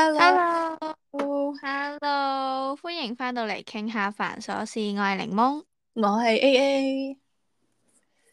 Hello，Hello，Hello，歡迎翻到嚟傾下煩瑣事。我係檸檬，我係 A A，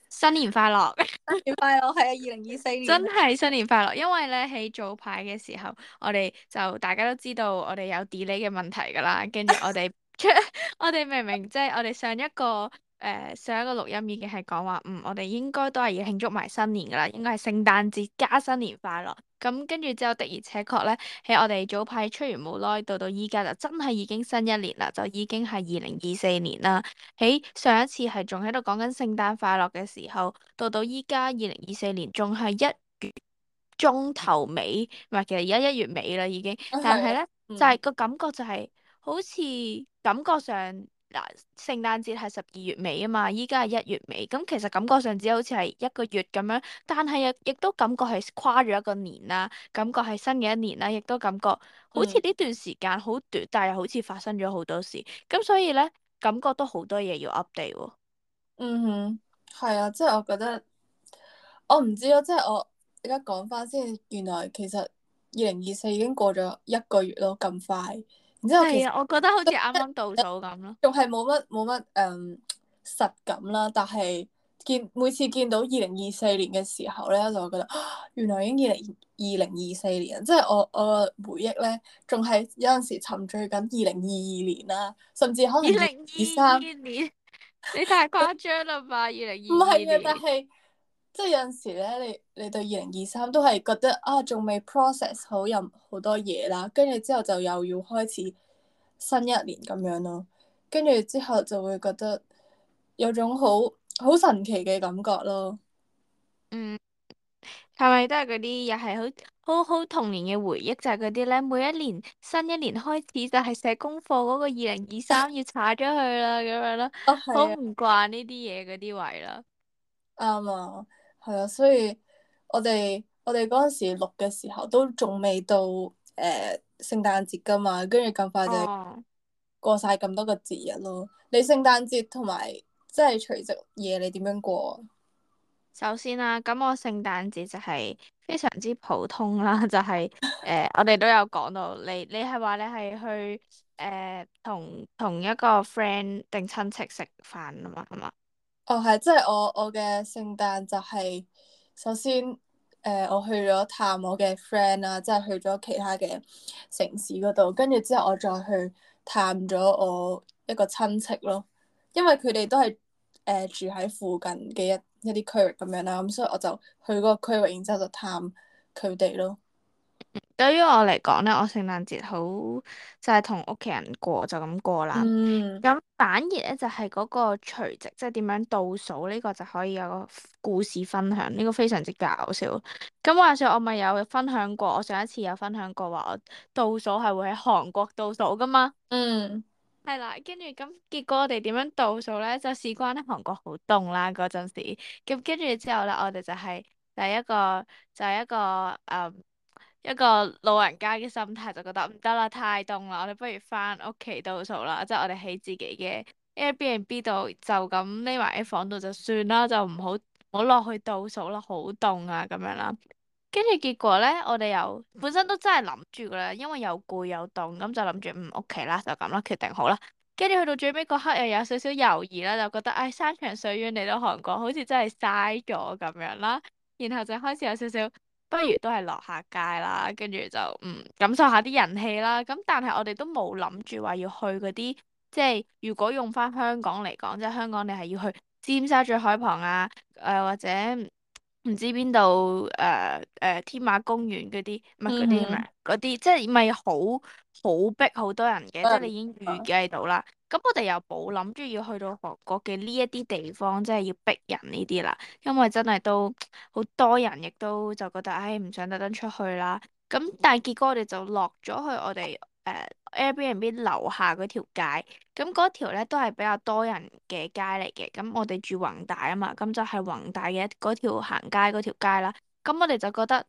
新年快樂， 新年快樂，係啊，二零二四年，真係新年快樂。因為咧喺早排嘅時候，我哋就大家都知道我哋有 delay 嘅問題噶啦，跟住我哋出， 我哋明明即係我哋上一個。誒，上一個錄音已經係講話，嗯，我哋應該都係要慶祝埋新年噶啦，應該係聖誕節加新年快樂。咁跟住之後的而且確咧，喺我哋早排出完冇耐，到到依家就真係已經新一年啦，就已經係二零二四年啦。喺上一次係仲喺度講緊聖誕快樂嘅時候，到到依家二零二四年仲係一月中頭尾，唔係，其實而家一月尾啦已經。但係咧， 就係個感覺就係、是、好似感覺上。嗱，聖誕節係十二月尾啊嘛，依家係一月尾，咁其實感覺上只好似係一個月咁樣，但係又亦都感覺係跨咗一個年啦，感覺係新嘅一年啦，亦都感覺好似呢段時間好短，嗯、但係好似發生咗好多事，咁所以咧，感覺都好多嘢要 update 喎。嗯哼，係啊，即係我覺得，我唔知咯，即係我而家講翻即係，原來其實二零二四已經過咗一個月咯，咁快。係啊，我，其實我覺得好似啱啱倒數咁咯，仲係冇乜冇乜誒實感啦。但係見每次見到二零二四年嘅時候咧，我就會覺得，啊、原來已經二零二零二四年，即係我我回憶咧，仲係有陣時沉醉緊二零二二年啦，甚至可能二零二三年， 你太誇張啦吧？二零二唔係咩，但係。即係有陣時咧，你你對二零二三都係覺得啊，仲未 process 好，有好多嘢啦，跟住之後就又要開始新一年咁樣咯，跟住之後就會覺得有種好好神奇嘅感覺咯。嗯，係咪都係嗰啲又係好好好童年嘅回憶？就係嗰啲咧，每一年新一年開始就係寫功課嗰個二零二三要查咗去啦，咁樣咯，好唔慣呢啲嘢嗰啲位啦。啱啊！係啊、嗯，所以我哋我哋嗰陣時錄嘅時候都仲未到誒聖誕節噶嘛，跟住咁快就過晒咁多個節日咯。哦、你聖誕節同埋即係除夕夜，你點樣過？首先啦、啊，咁我聖誕節就係非常之普通啦，就係、是、誒、呃、我哋都有講到， 你你係話你係去誒、呃、同同一個 friend 定親戚食飯啊嘛，係嘛？哦，係，即係我我嘅聖誕就係首先誒、呃，我去咗探我嘅 friend 啦，即係去咗其他嘅城市嗰度，跟住之後我再去探咗我一個親戚咯，因為佢哋都係誒、呃、住喺附近嘅一一啲區域咁樣啦，咁、嗯、所以我就去嗰個區域，然之後就探佢哋咯。對於我嚟講咧，我聖誕節好就係同屋企人過就咁過啦。咁、嗯、反而咧就係嗰個除夕，即係點樣倒數呢個就可以有個故事分享。呢、這個非常之搞笑。咁話說我咪有分享過，我上一次有分享過話我倒數係會喺韓國倒數噶嘛。嗯，係啦，跟住咁結果我哋點樣倒數咧？就事關咧韓國好凍啦嗰陣時，咁跟住之後咧，我哋就係第一個就係一個誒。一個老人家嘅心態就覺得唔得啦，太凍啦，我哋不如翻屋企倒數啦，即係我哋喺自己嘅 Airbnb 度就咁匿埋喺房度就算啦，就唔好唔好落去倒數啦，好凍啊咁樣啦。跟住結果咧，我哋又本身都真係諗住噶啦，因為又攰又凍，咁就諗住唔屋企啦，就咁啦，決定好啦。跟住去到最尾嗰刻又有少少猶豫啦，就覺得唉、哎，山長水遠嚟到韓國好似真係嘥咗咁樣啦，然後就開始有少少。不如都係落下街啦，跟住就嗯，感受下啲人氣啦。咁但係我哋都冇諗住話要去嗰啲，即係如果用返香港嚟講，即係香港你係要去尖沙咀海旁啊，誒、呃、或者。唔知邊度，誒誒天馬公園嗰啲，乜嗰啲咩？嗰啲、mm hmm. 即係咪好好逼好多人嘅？即係你已經預計到啦。咁我哋又冇諗住要去到韓國嘅呢一啲地方，即係要逼人呢啲啦。因為真係都好多人，亦都就覺得唉，唔想特登出去啦。咁但係結果我哋就落咗去我哋誒。呃 Airbnb 樓下嗰條街，咁嗰條咧都係比較多人嘅街嚟嘅。咁我哋住宏大啊嘛，咁就係宏大嘅嗰條行街嗰條街啦。咁我哋就覺得，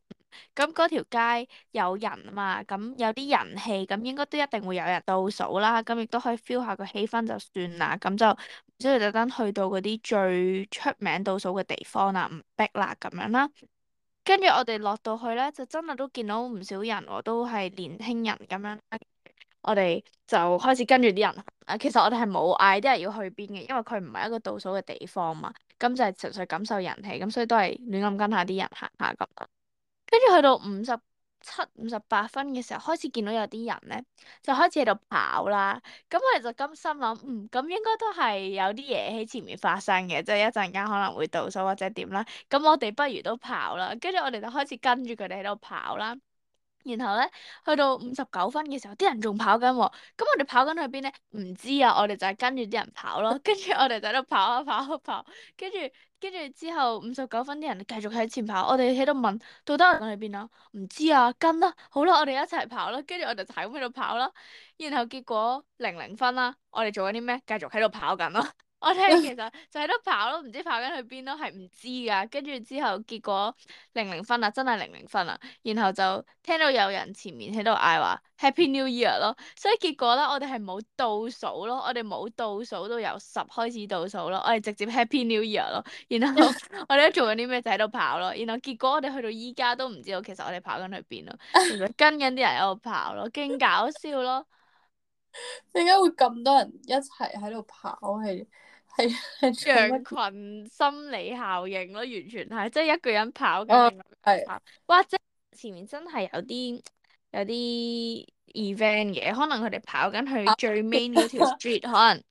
咁嗰條街有人啊嘛，咁有啲人氣，咁應該都一定會有人倒數啦。咁亦都可以 feel 下個氣氛就算啦。咁就唔需要特登去到嗰啲最出名倒數嘅地方啦，唔逼啦咁樣啦。跟住我哋落到去咧，就真係都見到唔少人喎，都係年輕人咁樣。我哋就開始跟住啲人行啦。其實我哋係冇 idea 要去邊嘅，因為佢唔係一個倒數嘅地方嘛。咁就係純粹感受人氣，咁所以都係亂咁跟下啲人行下咁。跟住去到五十七、五十八分嘅時候，開始見到有啲人咧，就開始喺度跑啦。咁我哋就甘心諗，嗯，咁應該都係有啲嘢喺前面發生嘅，即係一陣間可能會倒數或者點啦。咁我哋不如都跑啦。跟住我哋就開始跟住佢哋喺度跑啦。然後咧，去到五十九分嘅時候，啲人仲跑緊、啊、喎。咁我哋跑緊去邊咧？唔知啊，我哋就係跟住啲人跑咯、啊。跟住我哋就喺度跑啊跑啊跑。跟住跟住之後五十九分，啲人繼續喺前跑。我哋喺度問，到底我哋去邊啊？唔知啊，跟啦、啊啊。好啦，我哋一齊跑啦、啊。跟住我哋就係咁喺度跑啦、啊。然後結果零零分啦、啊，我哋做緊啲咩？繼續喺度跑緊、啊、咯。我聽其實就喺度跑咯，唔知跑緊去邊咯，係唔知噶。跟住之後結果零零分啦，真係零零分啦。然後就聽到有人前面喺度嗌話 Happy New Year 咯，所以結果咧我哋係冇倒數咯，我哋冇倒數都由十開始倒數咯，我哋直接 Happy New Year 咯。然後我哋都做緊啲咩就喺度跑咯。然後結果我哋去到依家都唔知道其實我哋跑緊去邊咯，跟緊啲人喺度跑咯，勁搞笑咯。點解會咁多人一齊喺度跑係？係羊群心理效應咯，完全係，即係一個人跑緊，哇！即係前面真係有啲有啲 event 嘅，可能佢哋跑緊去最 main 嗰條 street，可能。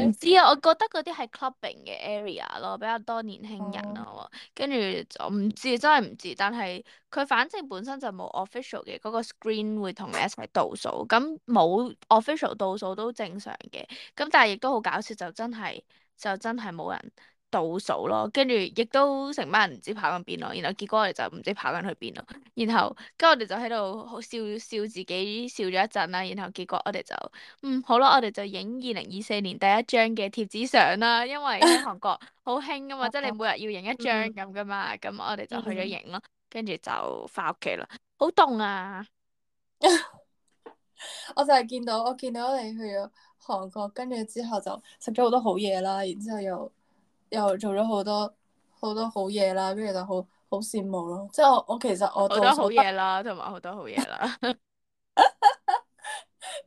唔知啊，我覺得嗰啲係 clubbing 嘅 area 咯，比較多年輕人咯，跟住、oh. 我唔知，真係唔知，但係佢反正本身就冇 official 嘅嗰、嗰個 screen 會同你一齊倒數，咁冇 official 倒數都正常嘅，咁但係亦都好搞笑，就真係就真係冇人。倒數咯，跟住亦都成班人唔知跑緊邊咯，然後結果我哋就唔知跑緊去邊咯，然後跟我哋就喺度笑笑自己笑咗一陣啦，然後結果我哋就嗯好啦，我哋就影二零二四年第一張嘅貼紙相啦，因為喺韓國好興噶嘛， 即係你每日要影一張咁噶嘛，咁、 嗯、我哋就去咗影咯，跟住就翻屋企啦，好凍啊！ 我就係見到我見到你去咗韓國，跟住之後就食咗好多好嘢啦，然之後又～又做咗好多好多好嘢啦，跟住就好好羨慕咯。即係我我其實我好多好嘢啦，同埋好多好嘢啦。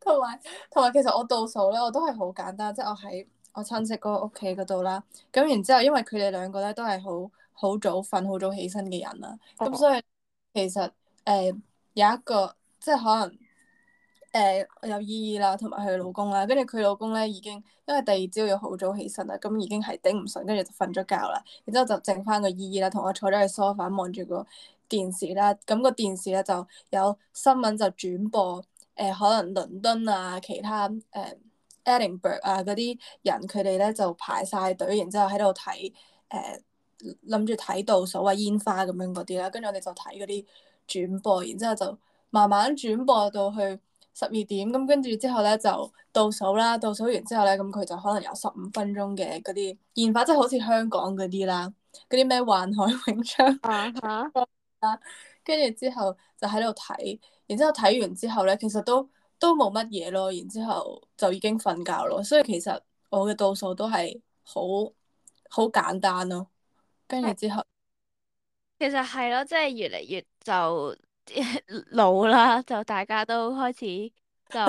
同埋同埋其實我倒數咧，我都係好簡單，即係我喺我親戚嗰屋企嗰度啦。咁然之後，因為佢哋兩個咧都係好好早瞓、好早起身嘅人啦，咁、oh. 所以其實誒、呃，有一個即係可能。誒、呃，有姨姨啦，同埋佢老公啦，跟住佢老公咧已經，因為第二朝要好早起身啦，咁已經係頂唔順，跟住就瞓咗覺啦。然之後，後就剩翻個姨姨啦，同我坐咗喺梳化望住個電視啦。咁個電視咧就有新聞就轉播，誒、呃，可能倫敦啊，其他誒、呃、Edinburgh 啊，嗰啲人，佢哋咧就排晒隊，然之後喺度睇，誒、呃，諗住睇到所謂煙花咁樣嗰啲啦。跟住我哋就睇嗰啲轉播，然之後就慢慢轉播到去十二點咁，跟住之後咧就倒數啦，倒數完之後咧，咁佢就可能有十五分鐘嘅嗰啲煙花，即係好似香港嗰啲啦，嗰啲咩幻海永昌啊，跟住之後就喺度睇，然之後睇完之後咧，其實都都冇乜嘢咯，然之後就已經瞓覺咯，所以其實我嘅倒數都係好好簡單咯，跟住之後其實係咯，即係越嚟越就。 老啦，就大家都開始就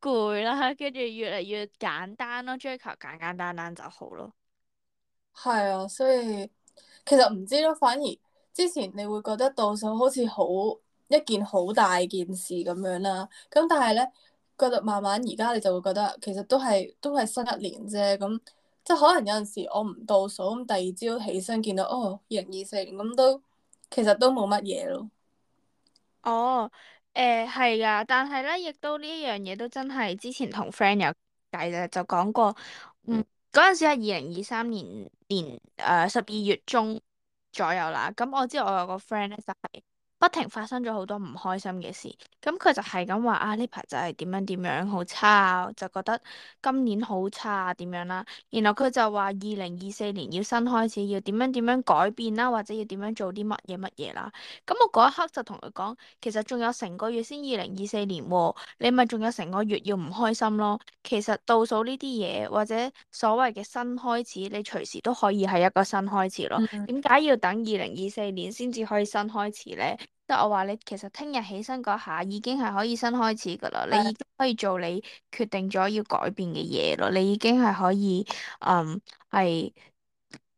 攰啦，跟住 越嚟越簡單咯，追求簡簡單單單就好咯。係啊，所以其實唔知咯，反而之前你會覺得倒數好似好一件好大件事咁樣啦。咁但係咧，覺得慢慢而家你就會覺得其實都係都係新一年啫。咁即係可能有陣時我唔倒數咁，第二朝起身見到哦，二零二四年咁都其實都冇乜嘢咯。哦，誒係噶，但係咧，亦都呢一樣嘢都真係之前同 friend 有偈啦，就講過，嗯，嗰陣時係二零二三年年誒十二月中左右啦，咁我知道我有個 friend 咧就係、是。不停發生咗好多唔開心嘅事，咁佢就係咁話啊呢排就係點樣點樣好差，就覺得今年好差點樣啦。然後佢就話二零二四年要新開始，要點樣點樣改變啦，或者要點樣做啲乜嘢乜嘢啦。咁我嗰一刻就同佢講，其實仲有成個月先二零二四年喎，你咪仲有成個月要唔開心咯。其實倒數呢啲嘢或者所謂嘅新開始，你隨時都可以係一個新開始咯。點解要等二零二四年先至可以新開始呢？我話你其實聽日起身嗰下已經係可以新開始㗎喇，你已經可以做你決定咗要改變嘅嘢喇，你已經係可以嗯係。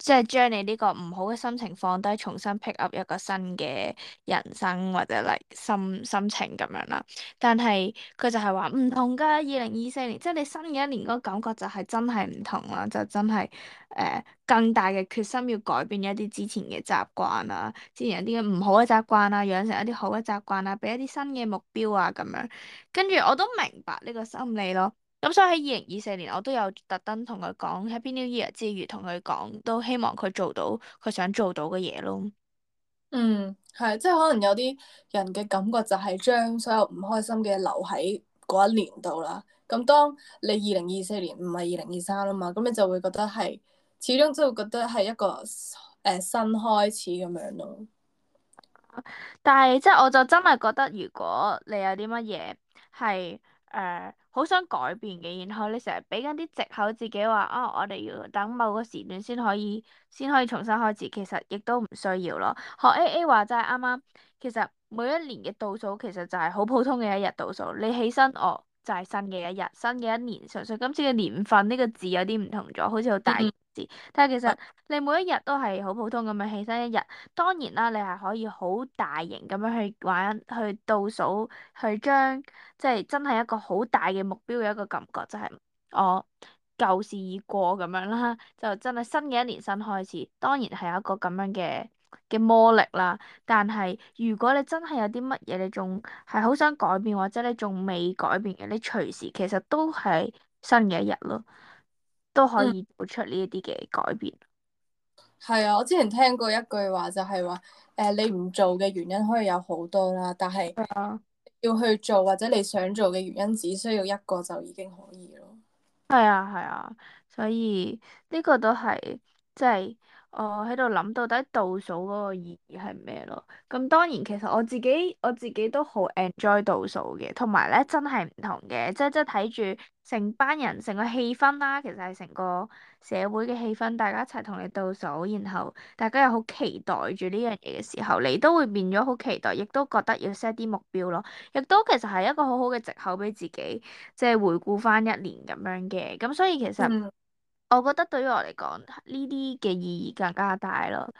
即係將你呢個唔好嘅心情放低，重新 pick up 一個新嘅人生或者嚟心心情咁樣啦。但係佢就係話唔同㗎，二零二四年即係、就是、你新嘅一年嗰個感覺就係真係唔同啦，就真係誒、呃、更大嘅決心要改變一啲之前嘅習慣啦，之前一啲唔好嘅習慣啦，養成一啲好嘅習慣啦，俾一啲新嘅目標啊咁樣。跟住我都明白呢個心理咯。咁所以喺二零二四年，我都有特登同佢講 Happy New Year 之餘，同佢講都希望佢做到佢想做到嘅嘢咯。嗯，係，即係可能有啲人嘅感覺就係將所有唔開心嘅留喺嗰一年度啦。咁當你二零二四年唔係二零二三啦嘛，咁你就會覺得係，始終都會覺得係一個誒、呃、新開始咁樣咯。但係，即係我就真係覺得，如果你有啲乜嘢係誒、呃好想改變嘅，然後你成日俾緊啲藉口自己話，啊、哦，我哋要等某個時段先可以，先可以重新開始，其實亦都唔需要咯。學 A A 話真係啱啱。其實每一年嘅倒數其實就係好普通嘅一日倒數，你起身我。哦就係新嘅一日，新嘅一年。純粹今次嘅年份呢個字有啲唔同咗，好似好大字。但係其實你每一日都係好普通咁樣起身一日。當然啦，你係可以好大型咁樣去玩，去倒數，去將即係、就是、真係一個好大嘅目標嘅一個感覺，就係、是、我、哦、舊事已過咁樣啦。就真係新嘅一年新開始，當然係有一個咁樣嘅嘅魔力啦，但係如果你真係有啲乜嘢，你仲係好想改變，或者你仲未改變嘅，你隨時其實都係新嘅一日咯，都可以做出呢一啲嘅改變。係、嗯、啊，我之前聽過一句話就係話，誒、呃，你唔做嘅原因可以有好多啦，但係要去做或者你想做嘅原因只需要一個就已經可以咯。係啊係啊，啊，所以呢個都係即係。我喺度諗到底倒數嗰個意義係咩咯？咁當然，其實我自己我自己都好 enjoy 倒數嘅，呢同埋咧真係唔同嘅，即係即睇住成班人成個氣氛啦，其實係成個社會嘅氣氛，大家一齊同你倒數，然後大家又好期待住呢樣嘢嘅時候，你都會變咗好期待，亦都覺得要 set 啲目標咯，亦都其實係一個好好嘅藉口俾自己，即係回顧翻一年咁樣嘅，咁所以其實、嗯。我覺得對於我嚟講呢啲嘅意義更加大咯。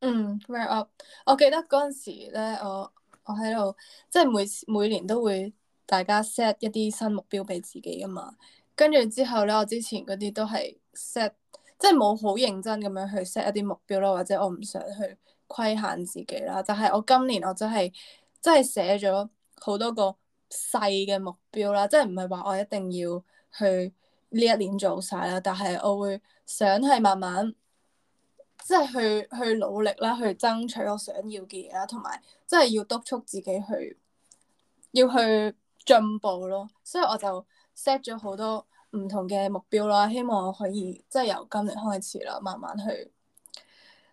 嗯，wrap up。我記得嗰陣時咧，我我喺度即係每每年都會大家 set 一啲新目標俾自己噶嘛。跟住之後咧，我之前嗰啲都係 set 即係冇好認真咁樣去 set 一啲目標咯，或者我唔想去規限自己啦。但係我今年我、就是、真係真係寫咗好多個細嘅目標啦，即係唔係話我一定要去。呢一年做晒啦，但係我會想係慢慢，即係去去努力啦，去爭取我想要嘅嘢啦，同埋即係要督促自己去，要去進步咯。所以我就 set 咗好多唔同嘅目標啦，希望我可以即係由今年開始啦，慢慢去，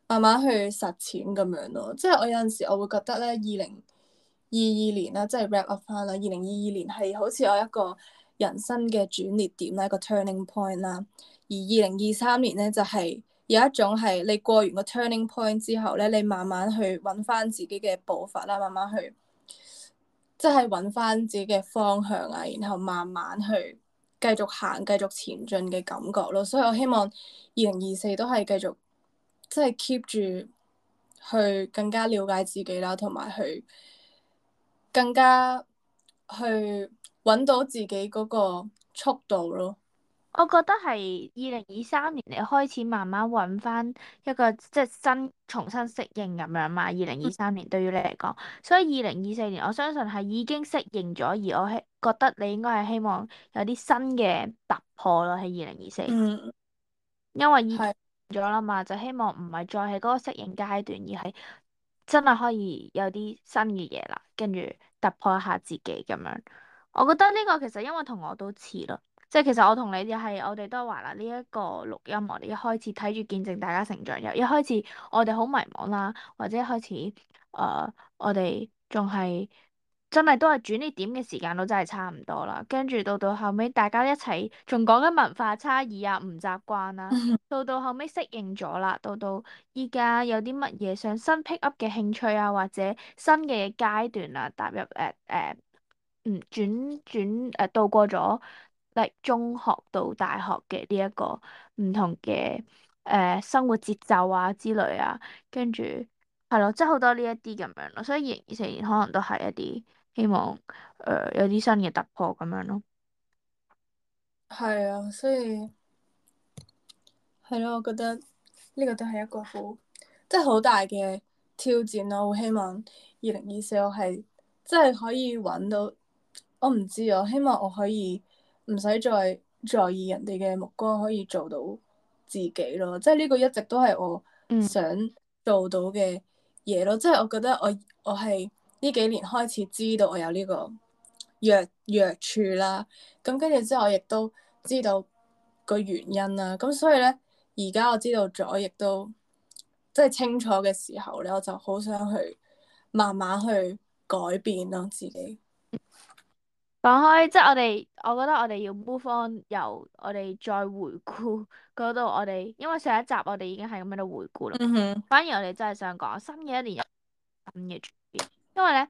慢慢去實踐咁樣咯。即係我有陣時我會覺得咧，二零二二年啦，即係 wrap up 翻啦，二零二二年係好似我一個。人生嘅轉捩點咧，個 turning point 啦，而二零二三年咧就係、是，有一種係你過完個 turning point 之後咧，你慢慢去搵返自己嘅步伐啦，慢慢去即係搵返自己嘅方向啊，然後慢慢去繼續行，繼續前進嘅感覺咯。所以我希望二零二四都係繼續即係、就是，keep 住去更加了解自己啦，同埋去更加去。搵到自己嗰個速度咯，我覺得係二零二三年你開始慢慢搵翻一個即係、就是、新重新適應咁樣嘛。二零二三年對於你嚟講，嗯、所以二零二四年我相信係已經適應咗，而我係覺得你應該係希望有啲新嘅突破咯喺二零二四年，嗯、因為已經適應咗啦嘛，就希望唔係再喺嗰個適應階段，而係真係可以有啲新嘅嘢啦，跟住突破一下自己咁樣。我覺得呢個其實因為同我都似咯，即係其實我同你哋係我哋都係話啦，呢、這、一個錄音我哋一開始睇住見證大家成長，由一開始我哋好迷茫啦，或者一開始，誒、呃、我哋仲係真係都係轉捩點嘅時間都真係差唔多啦，跟住到到後尾大家一齊仲講緊文化差異啊、唔習慣啊，到到後尾適應咗啦，到到依家有啲乜嘢想新 pick up 嘅興趣啊，或者新嘅階段啊，踏入誒誒。呃呃嗯，轉轉誒，度、呃、過咗，嚟中學到大學嘅呢一個唔同嘅誒、呃、生活節奏啊之類啊，跟住係咯，即係好多呢一啲咁樣咯，所以二零二四年可能都係一啲希望誒、呃、有啲新嘅突破咁樣咯。係啊，所以係咯、啊，我覺得呢個都係一個好即係好大嘅挑戰咯，我希望二零二四我係即係可以搵到。我唔知啊，我希望我可以唔使再在意人哋嘅目光，可以做到自己咯。即係呢個一直都係我想做到嘅嘢咯。即係、嗯、我覺得我我係呢幾年開始知道我有呢個弱弱處啦。咁跟住之後，我亦都知道個原因啦。咁所以咧，而家我知道咗，亦都即係、就是、清楚嘅時候咧，我就好想去慢慢去改變咯自己。講開，即係我哋，我覺得我哋要 move on，由我哋再回顧嗰度，我哋因為上一集我哋已經係咁樣度回顧啦。嗯、哼反而我哋真係想講新嘅一年有咁嘅轉變，因為咧呢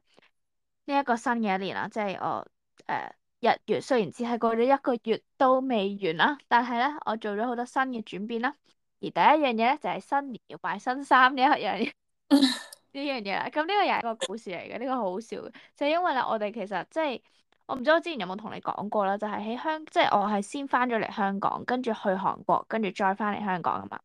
一、這個新嘅一年啊，即係我誒日、呃、月雖然只係過咗一個月都未完啦，但係咧我做咗好多新嘅轉變啦。而第一樣嘢咧就係、是、新年要買新衫呢一樣嘢呢 樣嘢咁呢個又係一個故事嚟嘅，呢、這個好笑嘅，就係、是、因為啦我哋其實即係。我唔知我之前有冇同你講過啦，就係喺香，即係我係先翻咗嚟香港，跟住去韓國，跟住再翻嚟香港啊嘛。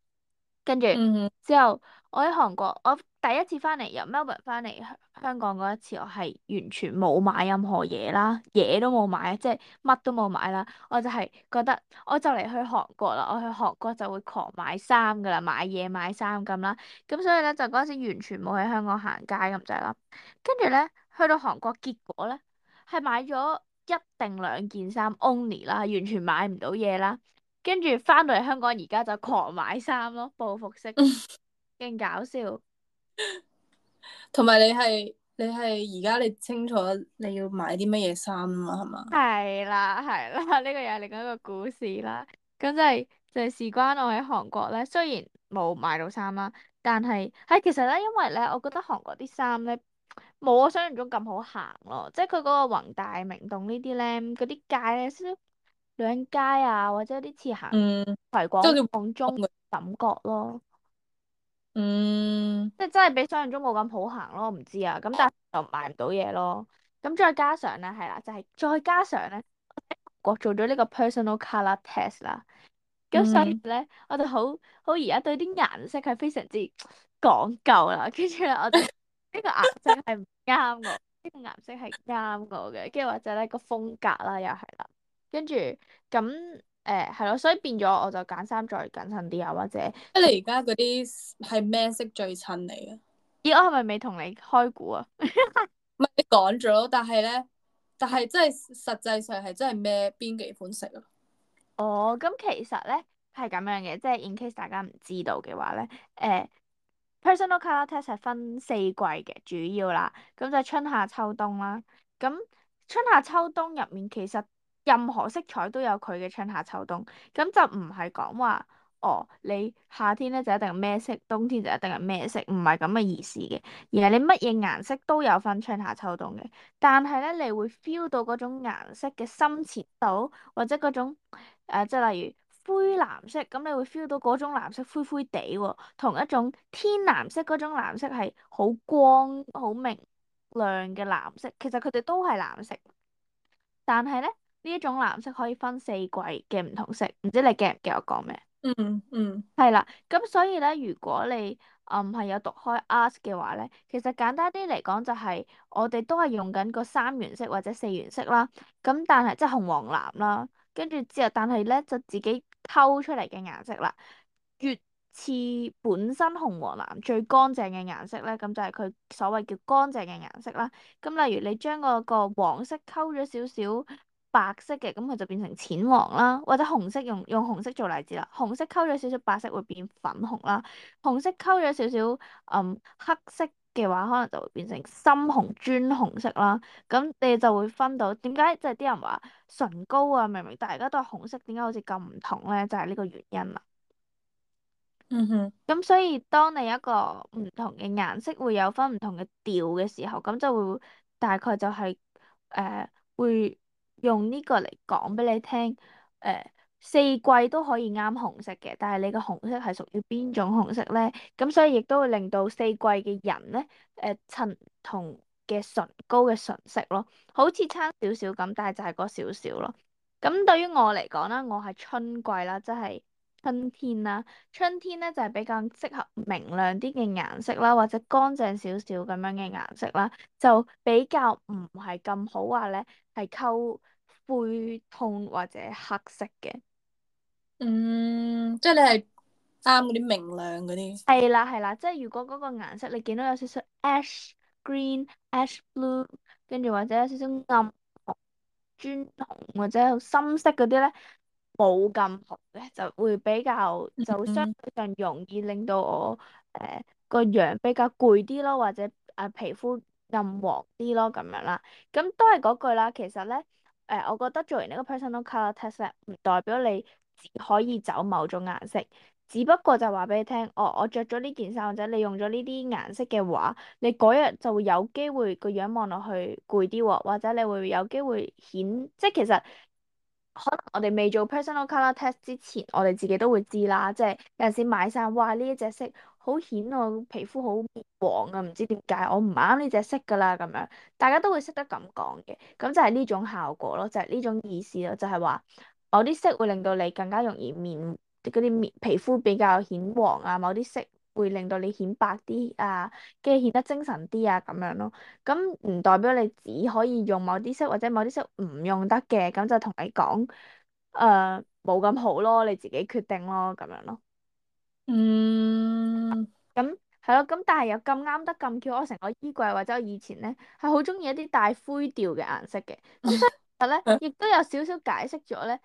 跟住、mm hmm. 之後，我喺韓國，我第一次翻嚟由 Melbourne 翻嚟香港嗰一次，我係完全冇買任何嘢啦，嘢都冇買，即係乜都冇買啦。我就係覺得，我就嚟去韓國啦，我去韓國就會狂買衫噶啦，買嘢買衫咁啦。咁所以咧，就嗰陣時完全冇喺香港行街咁就係啦。跟住咧，去到韓國，結果咧。係買咗一定兩件衫 only 啦，完全買唔到嘢啦。跟住翻到嚟香港，而家就狂買衫咯，報復式，勁搞笑。同埋 你係你係而家你清楚你要買啲乜嘢衫啊嘛？係嘛？係啦係啦，呢、這個又係另一個故事啦。咁即係就事、係、關、就係、我喺韓國咧，雖然冇買到衫啦，但係係、哎、其實咧，因為咧，我覺得韓國啲衫咧。冇我想像中咁好行咯，即係佢嗰個宏大、明洞呢啲咧，嗰啲街咧，兩街啊，或者有啲似行葵廣、葵廣中嘅感覺咯。嗯。即係真係比想像中冇咁好行咯，我唔知啊。咁但係就買唔到嘢咯。咁再加上咧，係啦，就係、是、再加上咧，喺韓國做咗呢個 personal color test 啦。咁所以咧，我哋好好而家對啲顏色係非常之講究啦。跟住咧，我哋。 呢 個顏色係唔啱我，呢、這個顏色係啱我嘅，跟住或者咧個風格啦、啊、又係啦，跟住咁誒係咯，所以變咗我就揀衫再謹慎啲啊，或者，誒你而家嗰啲係咩色最襯、呃、你啊？咦， 我係咪未同你開估啊？唔係你講咗，但係咧，但係真係實際上係真係咩邊幾款色啊？哦，咁其實咧係咁樣嘅，即、就、係、是、in case 大家唔知道嘅話咧，誒、呃。Personal color test 係分四季嘅主要啦，咁就春夏秋冬啦。咁春夏秋冬入面其實任何色彩都有佢嘅春夏秋冬，咁就唔係講話哦，你夏天咧就一定係咩色，冬天就一定係咩色，唔係咁嘅意思嘅。而係你乜嘢顏色都有分春夏秋冬嘅，但係咧你會 feel 到嗰種顏色嘅深淺度或者嗰種誒、呃，即係例如。灰藍色，咁你會 feel 到嗰種藍色灰灰地喎、哦，同一種天藍色嗰種藍色係好光好明亮嘅藍色，其實佢哋都係藍色，但係咧呢一種藍色可以分四季嘅唔同色，唔知你記唔記得我講咩、嗯？嗯嗯，係啦，咁所以咧，如果你唔係、嗯、有讀開 art 嘅話咧，其實簡單啲嚟講就係、是、我哋都係用緊個三原色或者四原色啦，咁但係即係紅黃藍啦，跟住之後但係咧就自己，溝出嚟嘅顏色啦，越似本身紅、黃、藍最乾淨嘅顏色咧，咁就係佢所謂叫乾淨嘅顏色啦。咁例如你將嗰個黃色溝咗少少白色嘅，咁佢就變成淺黃啦，或者紅色用用紅色做例子啦，紅色溝咗少少白色會變粉紅啦，紅色溝咗少少嗯黑色。嘅話可能就會變成深紅、磚紅色啦，咁你就會分到點解，即係啲人話唇膏啊，明明大家都係紅色，點解好似咁唔同咧？就係、是、呢個原因啦。嗯哼。咁所以當你一個唔同嘅顏色會有分唔同嘅調嘅時候，咁就會大概就係、是、誒、呃、會用呢個嚟講俾你聽誒。呃四季都可以啱紅色嘅，但係你個紅色係屬於邊種紅色咧？咁所以亦都會令到四季嘅人咧，誒、呃，襯同嘅唇膏嘅唇色咯，好似差少少咁，但係就係嗰少少咯。咁對於我嚟講啦，我係春季啦，即係春天啦。春天咧就係、是、比較適合明亮啲嘅顏色啦，或者乾淨少少咁樣嘅顏色啦，就比較唔係咁好話、啊、咧，係溝灰痛或者黑色嘅。嗯，即係你係啱嗰啲明亮嗰啲。係啦係啦，即係如果嗰個顏色你見到有少少 ash green、ash blue，跟住或者有少少暗紅、磚紅或者深色嗰啲咧，冇咁紅嘅，就會比較就相對上容易令到我誒、呃、個樣比較攰啲咯，或者誒皮膚暗黃啲咯咁樣啦。咁都係嗰句啦，其實咧誒、呃，我覺得做完呢個 personal color test 唔代表你。可以走某種顏色，只不過就話俾你聽，哦，我着咗呢件衫或者你用咗呢啲顏色嘅話，你嗰日就會有機會個樣望落去攰啲喎，或者你會有機會顯，即係其實可能我哋未做 personal color test 之前，我哋自己都會知啦，即係有陣時買衫，哇，呢一隻色好顯我皮膚好黃啊，唔知點解我唔啱呢隻色噶啦咁樣，大家都會識得咁講嘅，咁就係呢種效果咯，就係呢種意思咯，就係話。某啲色會令到你更加容易面，嗰啲面皮膚比較顯黃啊。某啲色會令到你顯白啲啊，跟住顯得精神啲啊咁樣咯。咁唔代表你只可以用某啲色，或者某啲色唔用得嘅，咁就同你講，誒冇咁好咯，你自己決定咯咁樣咯。嗯，咁係咯，咁但係又咁啱得咁巧，我成個衣櫃或者我以前咧係好中意一啲帶灰調嘅顏色嘅，其實咧亦都有少少解釋咗咧。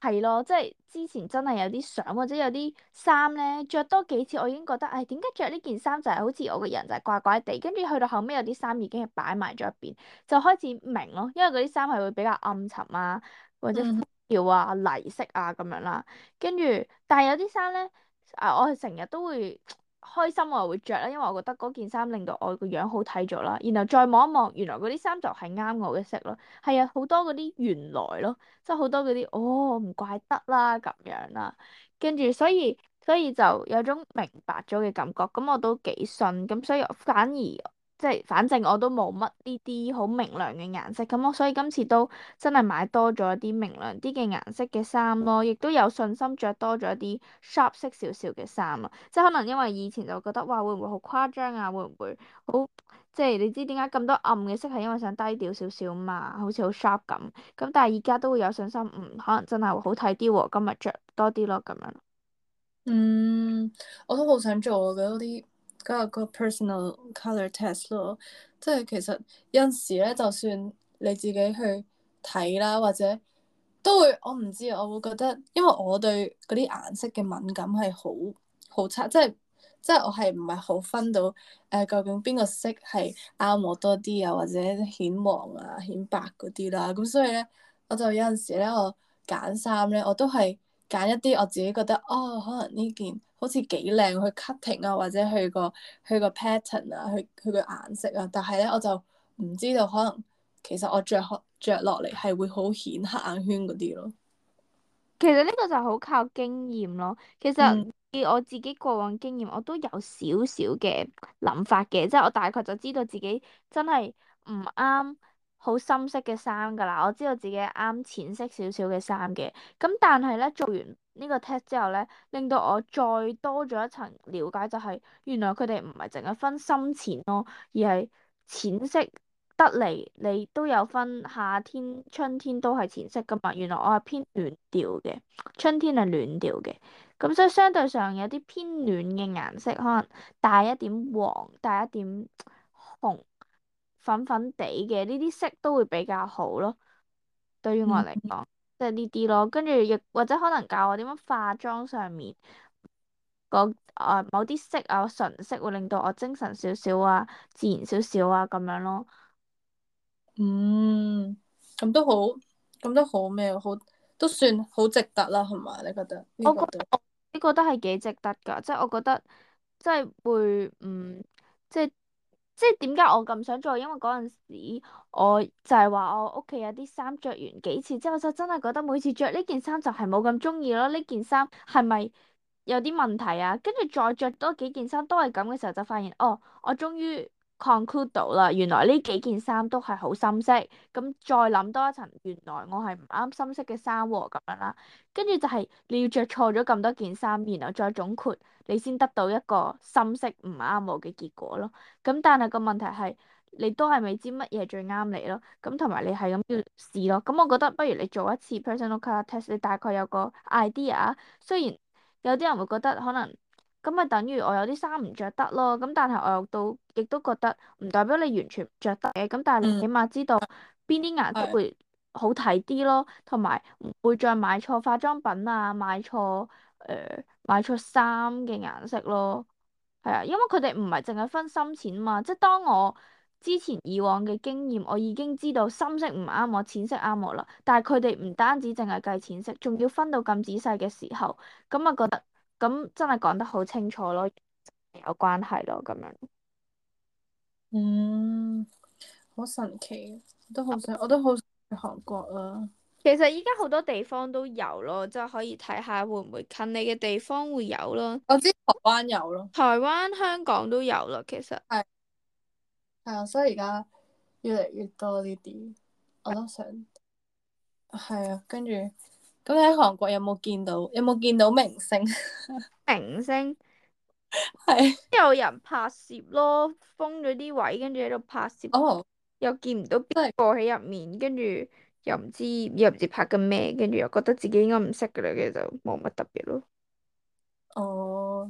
係咯，即係之前真係有啲相，或者有啲衫咧，着多幾次我已經覺得，唉、哎，點解着呢件衫就係好似我個人就係怪怪地，跟住去到後尾，有啲衫已經係擺埋咗一邊，就開始明咯，因為嗰啲衫係會比較暗沉啊，或者叫啊泥色啊咁樣啦，跟住但係有啲衫咧，啊我係成日都會。開心我又會着啦，因為我覺得嗰件衫令到我個樣好睇咗啦，然後再望一望，原來嗰啲衫就係啱我嘅色咯。係啊，好多嗰啲原來咯，即係好多嗰啲哦，唔怪得啦咁樣啦。跟住所以所以就有種明白咗嘅感覺，咁我都幾信。咁所以反而。即係反正我都冇乜呢啲好明亮嘅顏色，咁我所以今次都真係買多咗啲明亮啲嘅顏色嘅衫咯，亦都有信心着多咗一啲 sharp 色少少嘅衫咯。即係可能因為以前就覺得哇，會唔會好誇張啊？會唔會好即係你知點解咁多暗嘅色係因為想低調少少嘛，好似好 sharp 咁。咁但係而家都會有信心，嗯，可能真係會好睇啲喎，今日着多啲咯咁樣。嗯，我都好想做嗰啲。嗰個 personal color test 咯，即係其實有陣時咧，就算你自己去睇啦，或者都會，我唔知，我會覺得，因為我對嗰啲顏色嘅敏感係好好差。即係即係我係唔係好分到誒、呃、究竟邊個色係啱我多啲啊，或者顯黃啊、顯白嗰啲啦，咁所以咧，我就有陣時咧，我揀衫咧，我都係揀一啲我自己覺得哦，可能呢件。好似幾靚，去 cutting 啊，或者去個去個 pattern 啊，去去個顏色啊，但係咧我就唔知道，可能其實我着著落嚟係會好顯黑眼圈嗰啲咯。其實呢個就好靠經驗咯。其實、嗯、以我自己過往經驗，我都有少少嘅諗法嘅，即係我大概就知道自己真係唔啱。好深色嘅衫噶啦，我知道自己啱淺色少少嘅衫嘅，咁但係咧做完呢個 test 之後咧，令到我再多咗一層了解就係，原來佢哋唔係淨係分深淺咯，而係淺色得嚟你都有分夏天、春天都係淺色噶嘛，原來我係偏暖調嘅，春天係暖調嘅，咁所以相對上有啲偏暖嘅顏色，可能帶一點黃、帶一點紅。粉粉地嘅呢啲色都會比較好咯，對於我嚟講，即係呢啲咯。跟住亦或者可能教我點樣化妝上面，個某啲色啊唇色會令到我精神少少啊，自然少少啊咁樣咯。嗯，咁都好，咁都好咩？好都算好值得啦，係嘛？你覺得？我覺得我呢個都係幾值得㗎，即係我覺得，即係會嗯即係。即係點解我咁想做？因為嗰陣時我就係話我屋企有啲衫着完幾次之後，就真係覺得每次着呢件衫就係冇咁中意咯。呢件衫係咪有啲問題啊？跟住再着多幾件衫都係咁嘅時候，就發現哦，我終於～Conclude 到啦，原來呢幾件衫都係好深色，咁再諗多一層，原來我係唔啱深色嘅衫喎，咁樣啦。跟住就係你要着錯咗咁多件衫，然後再總括，你先得到一個深色唔啱我嘅結果咯。咁但係個問題係，你都係未知乜嘢最啱你咯。咁同埋你係咁要試咯。咁我覺得不如你做一次 personal color test，你大概有個 idea。雖然有啲人會覺得可能。咁咪等於我有啲衫唔著得咯，咁但係我又到亦都覺得唔代表你完全唔著得嘅，咁但係你起碼知道邊啲顏色會好睇啲咯，同埋唔會再買錯化妝品啊，買錯誒、呃、買錯衫嘅顏色咯，係啊，因為佢哋唔係淨係分深淺嘛，即係當我之前以往嘅經驗，我已經知道深色唔啱我，淺色啱我啦，但係佢哋唔單止淨係計淺色，仲要分到咁仔細嘅時候，咁啊覺得。咁真係講得好清楚咯，有關係咯，咁樣。嗯，好神奇，我都好想，我都好想去韓國啊。其實依家好多地方都有咯，即係可以睇下會唔會近你嘅地方會有咯。我知台灣有咯，台灣、香港都有咯，其實。係。係啊，所以而家越嚟越多呢啲，我都想。係啊的，跟住。咁你喺韓國有冇見到有冇見到明星？ 明星？係 有人拍攝咯，封咗啲位，跟住喺度拍攝。哦、oh.，又見唔到邊個喺入面，跟住又唔知又唔知拍緊咩，跟住又覺得自己應該唔識噶啦，嘅就冇乜特別咯。哦、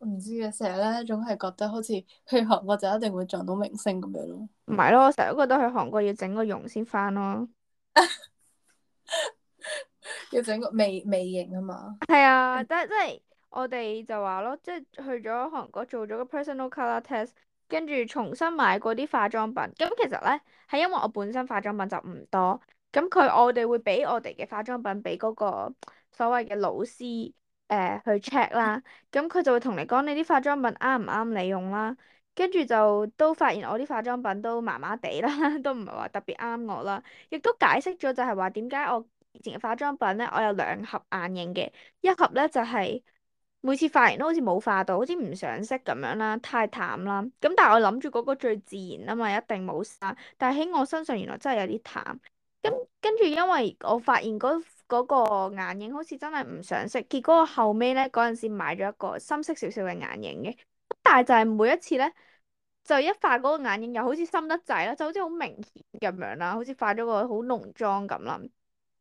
oh,，唔知嘅成日咧總係覺得好似去韓國就一定會撞到明星咁樣咯。唔係咯，我成日都覺得去韓國要整個容先翻咯。 要整個眉眉型啊嘛，係 啊，即即係我哋就話咯，即係去咗韓國做咗個 personal color test，跟住重新買過啲化妝品。咁其實咧係因為我本身化妝品就唔多，咁佢我哋會俾我哋嘅化妝品俾嗰個所謂嘅老師誒、呃、去 check 啦，咁佢就會同你講你啲化妝品啱唔啱你用啦，跟住就都發現我啲化妝品都麻麻地啦，都唔係話特別啱我啦，亦都解釋咗就係話點解我。以前嘅化妝品咧，我有兩盒眼影嘅，一盒咧就係、係、每次化完都好似冇化到，好似唔上色咁樣啦，太淡啦。咁但係我諗住嗰個最自然啊嘛，一定冇嘥。但係喺我身上原來真係有啲淡。咁跟住因為我發現嗰、嗰嗰個眼影好似真係唔上色，結果我後尾咧嗰陣時買咗一個深色少少嘅眼影嘅，但係就係每一次咧就一化嗰個眼影又好似深得滯啦，就好似好明顯咁樣啦，好似化咗個好濃妝咁啦。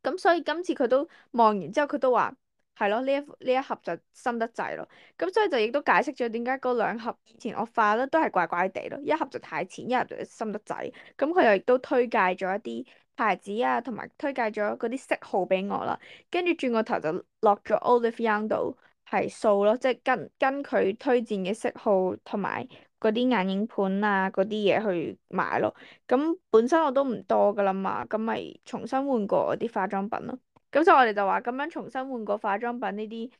咁所以今次佢都望完之後，佢都話係咯，呢一呢一盒就深得滯咯。咁所以就亦都解釋咗點解嗰兩盒以前我化得都係怪怪地咯，一盒就太淺，一盒就深得滯。咁佢又亦都推介咗一啲牌子啊，同埋推介咗嗰啲色號俾我啦、就是。跟住轉個頭就落咗 Olive Young 度係掃咯，即係跟跟佢推薦嘅色號同埋。嗰啲眼影盤啊，嗰啲嘢去買咯。咁本身我都唔多噶啦嘛，咁咪重新換過啲化妝品咯。咁所以我哋就話咁樣重新換過化妝品呢啲，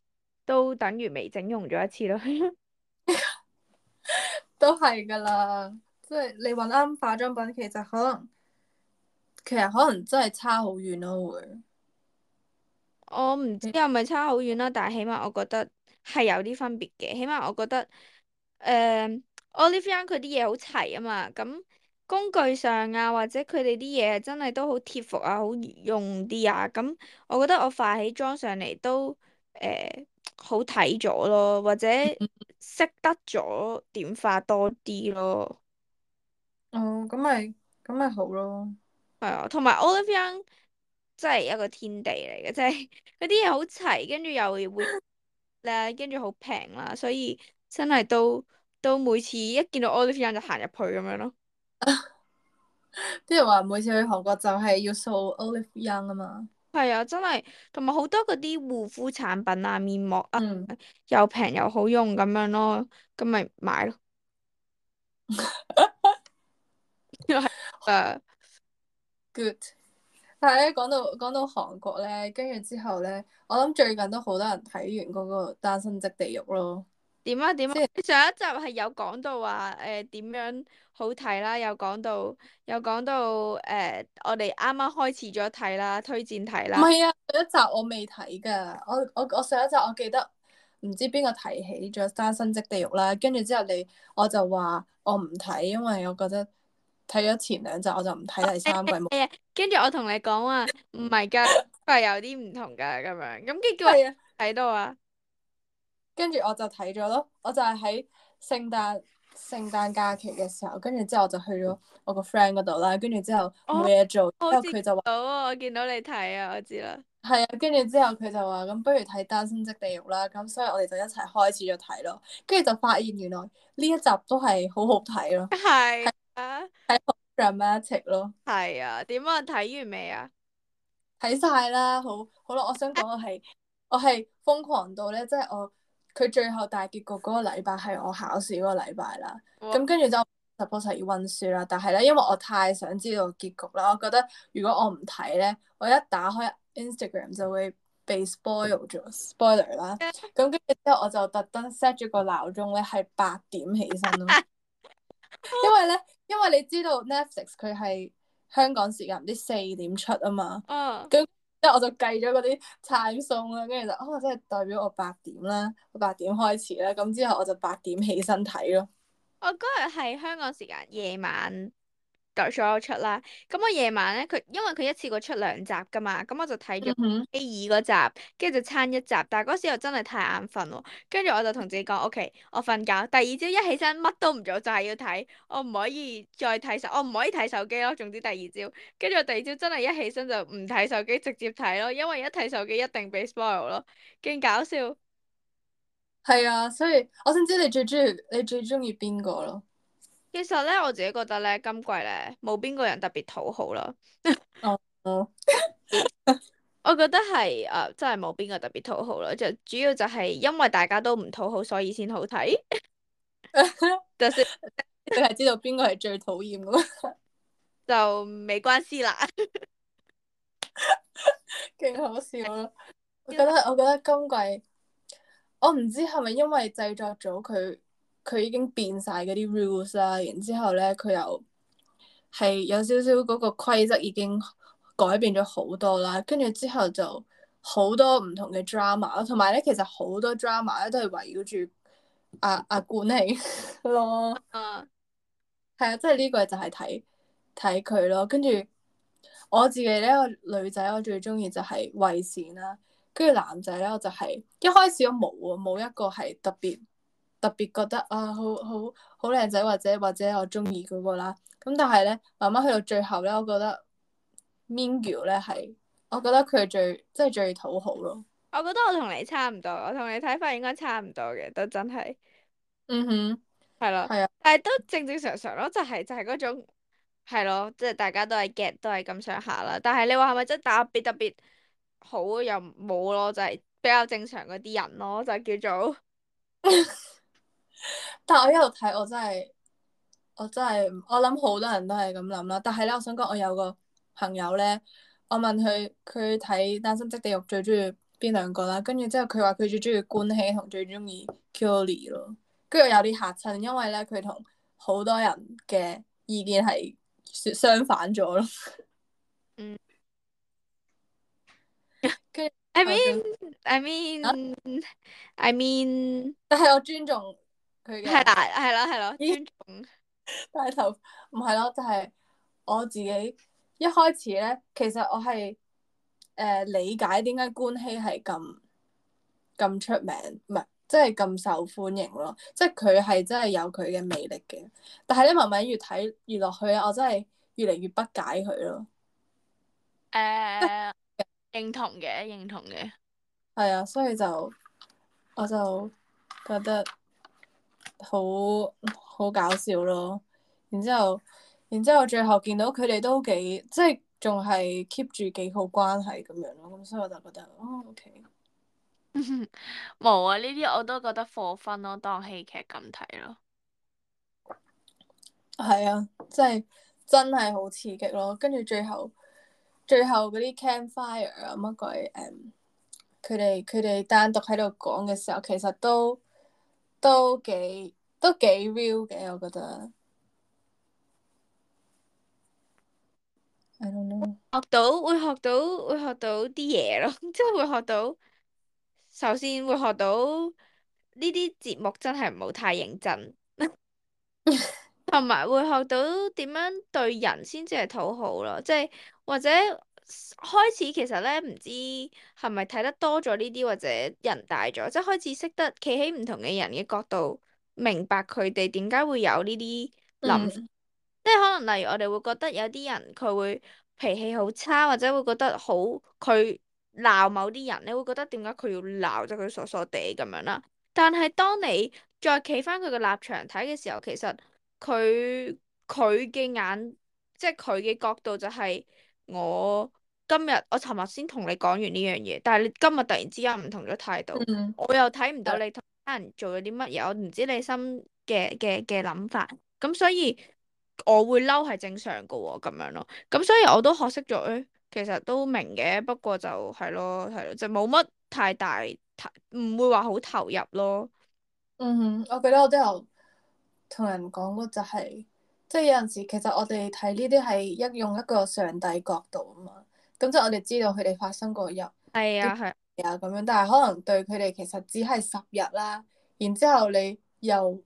都等於微整容咗一次咯。 都係噶啦，即係你揾啱化妝品，其實可能，其實可能真係差好遠咯。會，我唔知係咪差好遠啦，但係起碼我覺得係有啲分別嘅。起碼我覺得，誒、呃。Olive Young 佢啲嘢好齊啊嘛，咁工具上啊或者佢哋啲嘢真係都好貼服啊，好易用啲啊，咁我覺得我化起妝上嚟都誒、呃、好睇咗咯，或者識得咗點化多啲咯。哦、嗯，咁咪咁咪好咯。係啊，同埋 Olive Young 真係一個天地嚟嘅，即係啲嘢好齊，跟住又會啦，跟住好平啦，所以真係都～都每次一見到 Olive Young 就行入去咁樣咯，即係話每次去韓國就係要掃 Olive Young 啊嘛，係啊，真係同埋好多嗰啲護膚產品啊、面膜啊，嗯、又平又好用咁樣咯，咁咪買咯。誒 good，係講到講到韓國咧，跟住之後咧，我諗最近都好多人睇完嗰個《單身即地獄》咯。點啊點啊！上一集係有講到話誒點樣好睇啦，有講到有講到誒、呃，我哋啱啱開始咗睇啦，推薦睇啦。唔係啊，上一集我未睇噶，我我我上一集我記得唔知邊個提起咗《有《單身即地獄》啦，跟住之後你我就話我唔睇，因為我覺得睇咗前兩集我就唔睇第三季。冇。跟住我同你講話唔係噶，係有啲唔同噶咁樣，咁跟住我睇到啊。跟住我就睇咗咯，我就係喺聖誕聖誕假期嘅時候，跟住之後我就去咗我個 friend 嗰度啦，跟住之後冇嘢做，之後佢就話，哦，我見到你睇啊，我知啦。係啊，跟住之後佢就話咁，不如睇《單身即地獄》啦，咁所以我哋就一齊開始咗睇咯，跟住就發現原來呢一集都係好好睇咯，係啊，睇好 romantic 咯，係啊，點啊？睇完未啊？睇晒啦，好，好啦，我想講嘅係，我係瘋狂到咧，即係我。佢最後大結局嗰個禮拜係我考試嗰個禮拜啦，咁跟住就 suppose 就係要溫書啦。但係咧，因為我太想知道結局啦，我覺得如果我唔睇咧，我一打開 Instagram 就會被 spoiled 咗 spoiler 啦。咁跟住之後我就特登 set 咗個鬧鐘咧，係八點起身咯。 因為咧，因為你知道 Netflix 佢係香港時間唔知四點出啊嘛，跟、嗯。嗯即係我就計咗嗰啲餐餸啦，跟住就，哦，即係代表我八點啦，我八點開始啦，咁之後我就八點起身睇咯。我嗰日係香港時間夜晚。睇咗出啦，咁我夜晚咧，佢因為佢一次過出兩集噶嘛，咁我就睇咗 A 二嗰集，跟住，mm hmm. 就差一集，但係嗰時又真係太眼瞓喎，跟住我就同自己講，OK，我瞓覺，第二朝一起身乜都唔做，就係要睇，我唔可以再睇手，我唔可以睇手機咯，總之第二朝，跟住我第二朝真係一起身就唔睇手機，直接睇咯，因為一睇手機一定俾 spoil 咯，勁搞笑。係啊，所以我先知你最中意你最中意邊個咯？其實咧，我自己覺得咧，今季咧冇邊個人特別討好啦。哦 我覺得係誒、啊，真係冇邊個特別討好啦，就主要就係因為大家都唔討好，所以先好睇。就 算 你係知道邊個係最討厭咯？ 就冇關係啦，勁 好笑咯！我覺得我覺得今季我唔知係咪因為製作組佢。佢已經變晒嗰啲 rules 啦，然之後咧佢又係有少少嗰個規則已經改變咗好多啦，跟住之後就好多唔同嘅 drama，同埋咧其實好多 drama 咧都係圍繞住阿阿顧寧咯，嗯、 啊，係 啊，即係呢個就係睇睇佢咯，跟住我自己咧個女仔我最中意就係慧善啦，跟住男仔咧我就係一開始我冇啊，冇一個係特別。特別覺得啊，好好好靚仔，或者或者我中意嗰個啦。咁但係咧，慢慢去到最後咧，我覺得 Mingyu 咧係，我覺得佢最即係最討好咯。我覺得我同你差唔多，我同你睇法應該差唔多嘅，都真係。嗯哼，係咯，係啊，但係都正正常常常咯，就係就係嗰種係咯，即係大家都係 get，都係咁上下啦。但係你話係咪真係特別特別好又冇咯？就係比較正常嗰啲人咯，就叫做。 但係我一路睇，我真係，我真係，我諗好多人都係咁諗啦。但係咧，我想講，我有個朋友咧，我問佢佢睇《單身即地獄》最中意邊兩個啦，跟住之後佢話佢最中意官希同最中意 Coley 咯，跟住有啲吓親，因為咧佢同好多人嘅意見係相反咗咯。嗯，佢，I mean，I mean，I mean，但係我尊重。係大係咯係咯尊重帶頭唔係咯，就係、是、我自己一開始咧，其實我係誒、呃、理解點解官希係咁咁出名，唔係即係咁受歡迎咯，即係佢係真係有佢嘅魅力嘅。但係咧，慢慢越睇越落去咧，我真係越嚟越不解佢咯。誒、uh, 認同嘅，認同嘅，係啊，所以就我就覺得。好好搞笑咯！然之後，然之後最後見到佢哋都幾即係仲係 keep 住幾好關係咁樣咯，咁所以我就覺得哦，OK。冇、okay、 啊！呢啲我都覺得破分咯，當戲劇咁睇咯。係 啊，即係真係好刺激咯！跟住最後，最後嗰啲 campfire 啊，乜鬼誒？佢哋佢哋單獨喺度講嘅時候，其實都。都幾都幾 real 嘅，我覺得。I don't know。學到會學到會學到啲嘢咯，即係會學到，首先會學到呢啲節目真係唔好太認真，同埋 會學到點樣對人先至係討好咯，即係或者。開始其實咧唔知係咪睇得多咗呢啲或者人大咗，即係開始識得企喺唔同嘅人嘅角度，明白佢哋點解會有呢啲諗，嗯、即係可能例如我哋會覺得有啲人佢會脾氣好差，或者會覺得好佢鬧某啲人，你會覺得點解佢要鬧？即佢傻傻地咁樣啦。但係當你再企翻佢嘅立場睇嘅時候，其實佢佢嘅眼即係佢嘅角度就係、是、我。今日我尋日先同你講完呢樣嘢，但係你今日突然之間唔同咗態度，嗯、我又睇唔到你同人做咗啲乜嘢，我唔知你心嘅嘅嘅諗法，咁所以我會嬲係正常㗎喎、哦，咁樣咯。咁所以我都學識咗咧，其實都明嘅，不過就係咯，係咯，就冇乜太大唔會話好投入咯。嗯，我記得我都有同人講咯、就係，就係即係有陣時，其實我哋睇呢啲係一用一個上帝角度啊嘛。咁即係我哋知道佢哋發生過日係啊係啊咁樣，但係可能對佢哋其實只係十日啦。然後之後你又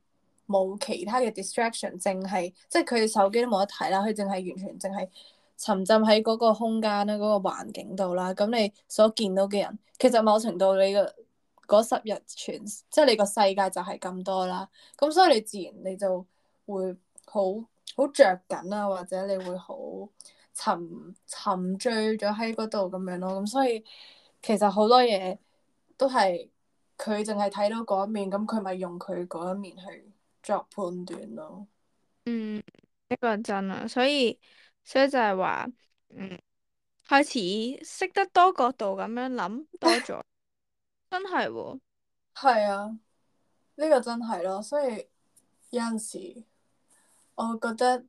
冇其他嘅 distraction，淨係即係佢哋手機都冇得睇啦，佢淨係完全淨係沉浸喺嗰個空間啦，嗰個環境度啦。咁你所見到嘅人，其實某程度你嘅嗰十日全，即係你個世界就係咁多啦。咁所以你自然你就會好好着緊啊，或者你會好。沉沉醉咗喺嗰度咁樣咯，咁所以其實好多嘢都係佢淨係睇到嗰一面，咁佢咪用佢嗰一面去作判斷咯。嗯，呢、這個真啊，所以所以就係話，嗯，開始識得多角度咁樣諗多咗， 真係喎、哦。係啊，呢、這個真係咯，所以有陣時我覺得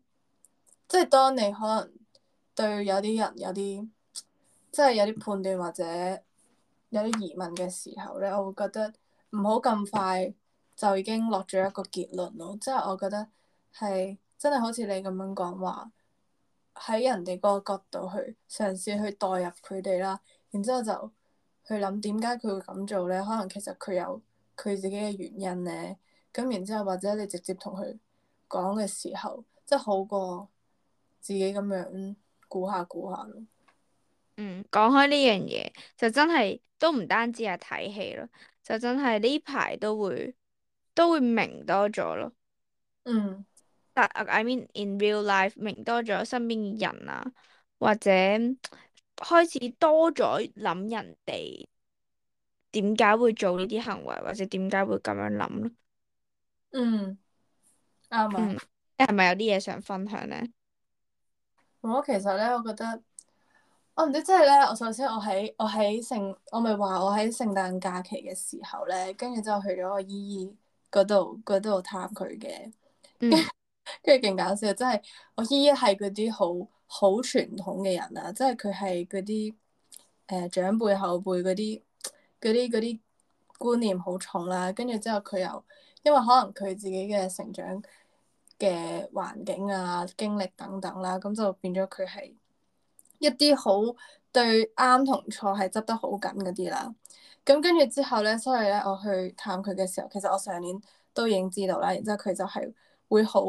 即係、就是、當你可能。對有啲人有啲即係有啲判斷或者有啲疑問嘅時候咧，我會覺得唔好咁快就已經落咗一個結論咯。即係我覺得係真係好似你咁樣講話，喺人哋嗰個角度去嘗試去代入佢哋啦，然之後就去諗點解佢會咁做咧？可能其實佢有佢自己嘅原因咧。咁然之後或者你直接同佢講嘅時候，即係好過自己咁樣。估下估下咯。嗯，講開呢樣嘢，就真係都唔單止係睇戲咯，就真係呢排都會都會明多咗咯。嗯，但 I mean in real life 明多咗身邊嘅人啊，或者開始多咗諗人哋點解會做呢啲行為，或者點解會咁樣諗咯。嗯，啱啊、嗯。你係咪有啲嘢想分享咧？我其實咧，我覺得我唔知，即係咧。我首先我喺我喺聖，我咪話我喺聖誕假期嘅時候咧，跟住之後去咗我姨姨嗰度，嗰度探佢嘅。跟住勁搞笑，即係我姨姨係嗰啲好好傳統嘅人啊！即係佢係嗰啲誒長輩後輩嗰啲嗰啲嗰啲觀念好重啦啊。跟住之後佢又因為可能佢自己嘅成長。嘅環境啊、經歷等等、啊、對對啦，咁就變咗佢係一啲好對啱同錯係執得好緊嗰啲啦。咁跟住之後咧，所以咧我去探佢嘅時候，其實我上年都已經知道啦。然之後佢就係、是、會好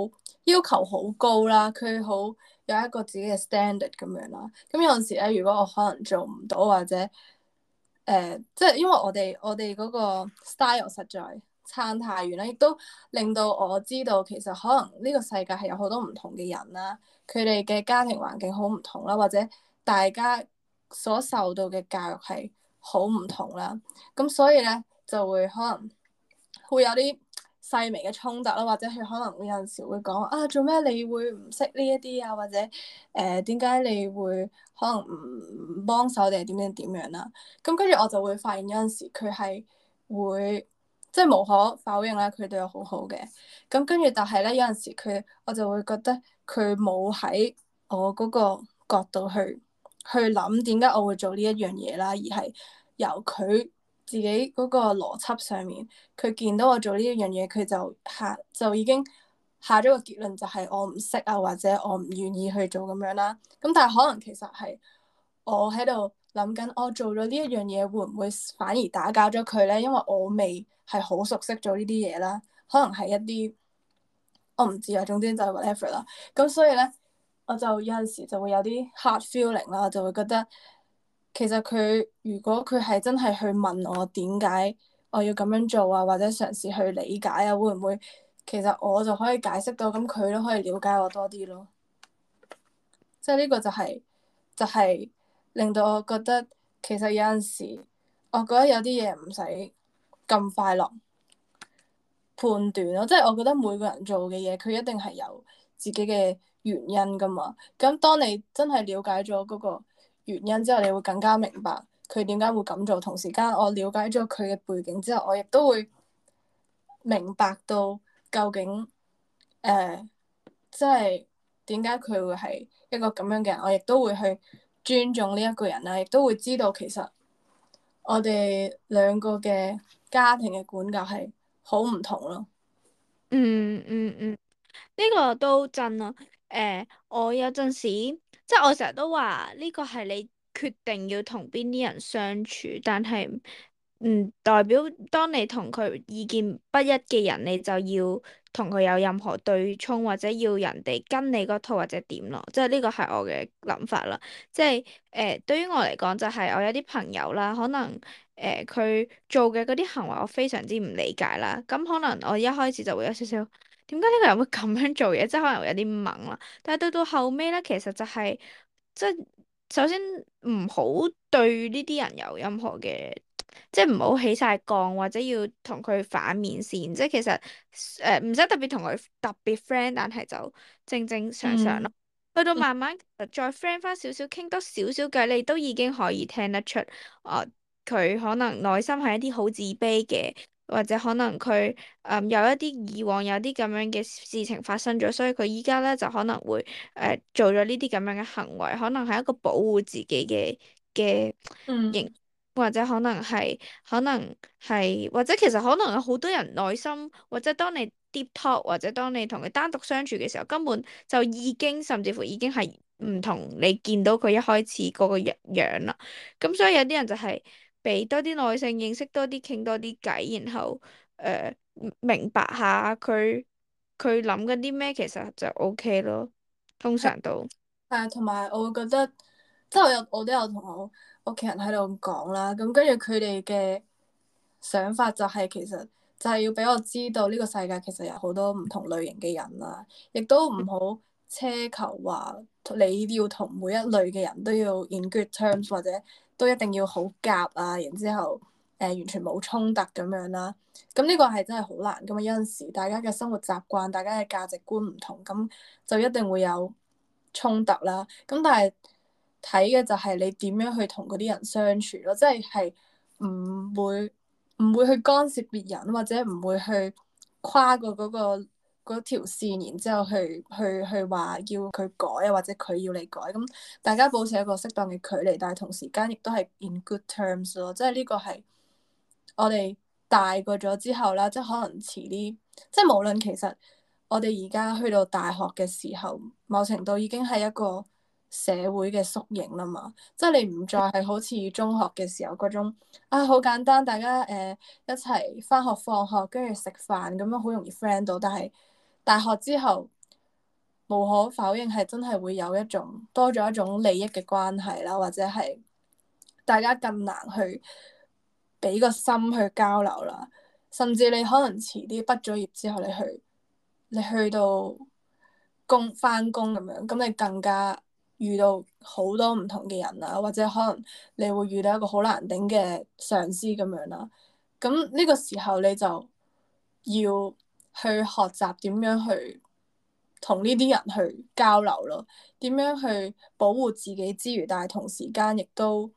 要求好高啦，佢好有一個自己嘅 standard 咁樣啦。咁有陣時咧，如果我可能做唔到或者誒，即、呃、係、就是、因為我哋我哋嗰個 style 實在，撐太遠啦，亦都令到我知道，其實可能呢個世界係有好多唔同嘅人啦，佢哋嘅家庭環境好唔同啦，或者大家所受到嘅教育係好唔同啦。咁所以咧就會可能會有啲細微嘅衝突啦，或者佢可能會有陣時會講啊，做咩你會唔識呢一啲啊，或者誒點解你會可能唔幫手定係點樣點樣啦，啊？咁跟住我就會發現有陣時佢係會。即係無可否認咧，佢對我好好嘅。咁跟住，但係咧有陣時佢，我就會覺得佢冇喺我嗰個角度去去諗點解我會做呢一樣嘢啦，而係由佢自己嗰個邏輯上面，佢見到我做呢一樣嘢，佢就下就已經下咗個結論，就係我唔識啊，或者我唔願意去做咁樣啦。咁但係可能其實係我喺度。諗緊，我做咗呢一樣嘢會唔會反而打攪咗佢咧？因為我未係好熟悉做呢啲嘢啦，可能係一啲我唔知啊。總之就係 whatever 啦。咁所以咧，我就有陣時就會有啲 hard feeling 啦，我就會覺得其實佢如果佢係真係去問我點解我要咁樣做啊，或者嘗試去理解啊，會唔會其實我就可以解釋到，咁佢都可以了解我多啲咯。即係呢個就係就係。令到我覺得其實有陣時，我覺得有啲嘢唔使咁快樂判斷咯，即係 我覺得每個人做嘅嘢，佢一定係有自己嘅原因噶嘛。咁當你真係了解咗嗰個原因之後，你會更加明白佢點解會咁做。同時間，我了解咗佢嘅背景之後，我亦都會明白到究竟誒，即係點解佢會係一個咁樣嘅人。我亦都會去。尊重呢一個人啦，亦都會知道其實我哋兩個嘅家庭嘅管教係好唔同咯，嗯。嗯嗯嗯，呢、這個都真咯。誒、呃，我有陣時即係我成日都話呢個係你決定要同邊啲人相處，但係。唔代表當你同佢意見不一嘅人，你就要同佢有任何對沖，或者要人哋跟你嗰套或者點咯，即係呢個係我嘅諗法啦。即係誒、呃，對於我嚟講就係、是、我有啲朋友啦，可能誒佢、呃、做嘅嗰啲行為我非常之唔理解啦。咁可能我一開始就會有少少點解呢個人會咁樣做嘢，即係可能有啲懵啦。但係到到後尾咧，其實就係、是、即係首先唔好對呢啲人有任何嘅。即係唔好起晒槓，或者要同佢反面線，即係其實誒唔使特別同佢特別 friend，但係就正正常常咯。去、嗯、到慢慢再 friend 翻少少，傾多少少偈，你都已經可以聽得出，啊、呃、佢可能內心係一啲好自卑嘅，或者可能佢誒、呃、有一啲以往有啲咁樣嘅事情發生咗，所以佢依家咧就可能會誒、呃、做咗呢啲咁樣嘅行為，可能係一個保護自己嘅嘅型。或者可能係，可能係，或者其實可能有好多人內心，或者當你 deep talk，或者當你同佢單獨相處嘅時候，根本就已經甚至乎已經係唔同你見到佢一開始嗰個樣啦。咁所以有啲人就係俾多啲耐性，認識多啲，傾多啲偈，然後誒、呃、明白下佢佢諗緊啲咩，其實就 OK 咯，通常都係啊。同埋我會覺得，即係有我都有同我。屋企人喺度講啦，咁跟住佢哋嘅想法就係其實就係要俾我知道呢個世界其實有好多唔同類型嘅人啦，亦都唔好奢求話你要同每一類嘅人都要 in good terms 或者都一定要好夾啊，然之後誒、呃、完全冇衝突咁樣啦。咁呢個係真係好難。咁嘛。有陣時大家嘅生活習慣、大家嘅價值觀唔同，咁就一定會有衝突啦。咁但係。睇嘅就係你點樣去同嗰啲人相處咯，即係係唔會唔會去干涉別人，或者唔會去跨過嗰個嗰條線，然之後去去去話要佢改啊，或者佢要你改，咁大家保持一個適當嘅距離，但係同時間亦都係 in good terms 咯，即係呢個係我哋大個咗之後啦，即係可能遲啲，即係無論其實我哋而家去到大學嘅時候，某程度已經係一個。社會嘅縮影啦嘛，即係你唔再係好似中學嘅時候嗰種啊，好簡單，大家誒、呃、一齊翻學、放學，跟住食飯咁樣，好容易 friend 到。但係大學之後，無可否認係真係會有一種多咗一種利益嘅關係啦，或者係大家更難去俾個心去交流啦。甚至你可能遲啲畢咗業之後，你去你去到工翻工咁樣，咁你更加。遇到好多唔同嘅人啊，或者可能你會遇到一個好難頂嘅上司咁樣啦。咁呢個時候你就要去學習點樣去同呢啲人去交流咯，點樣去保護自己之餘，但係同時間亦都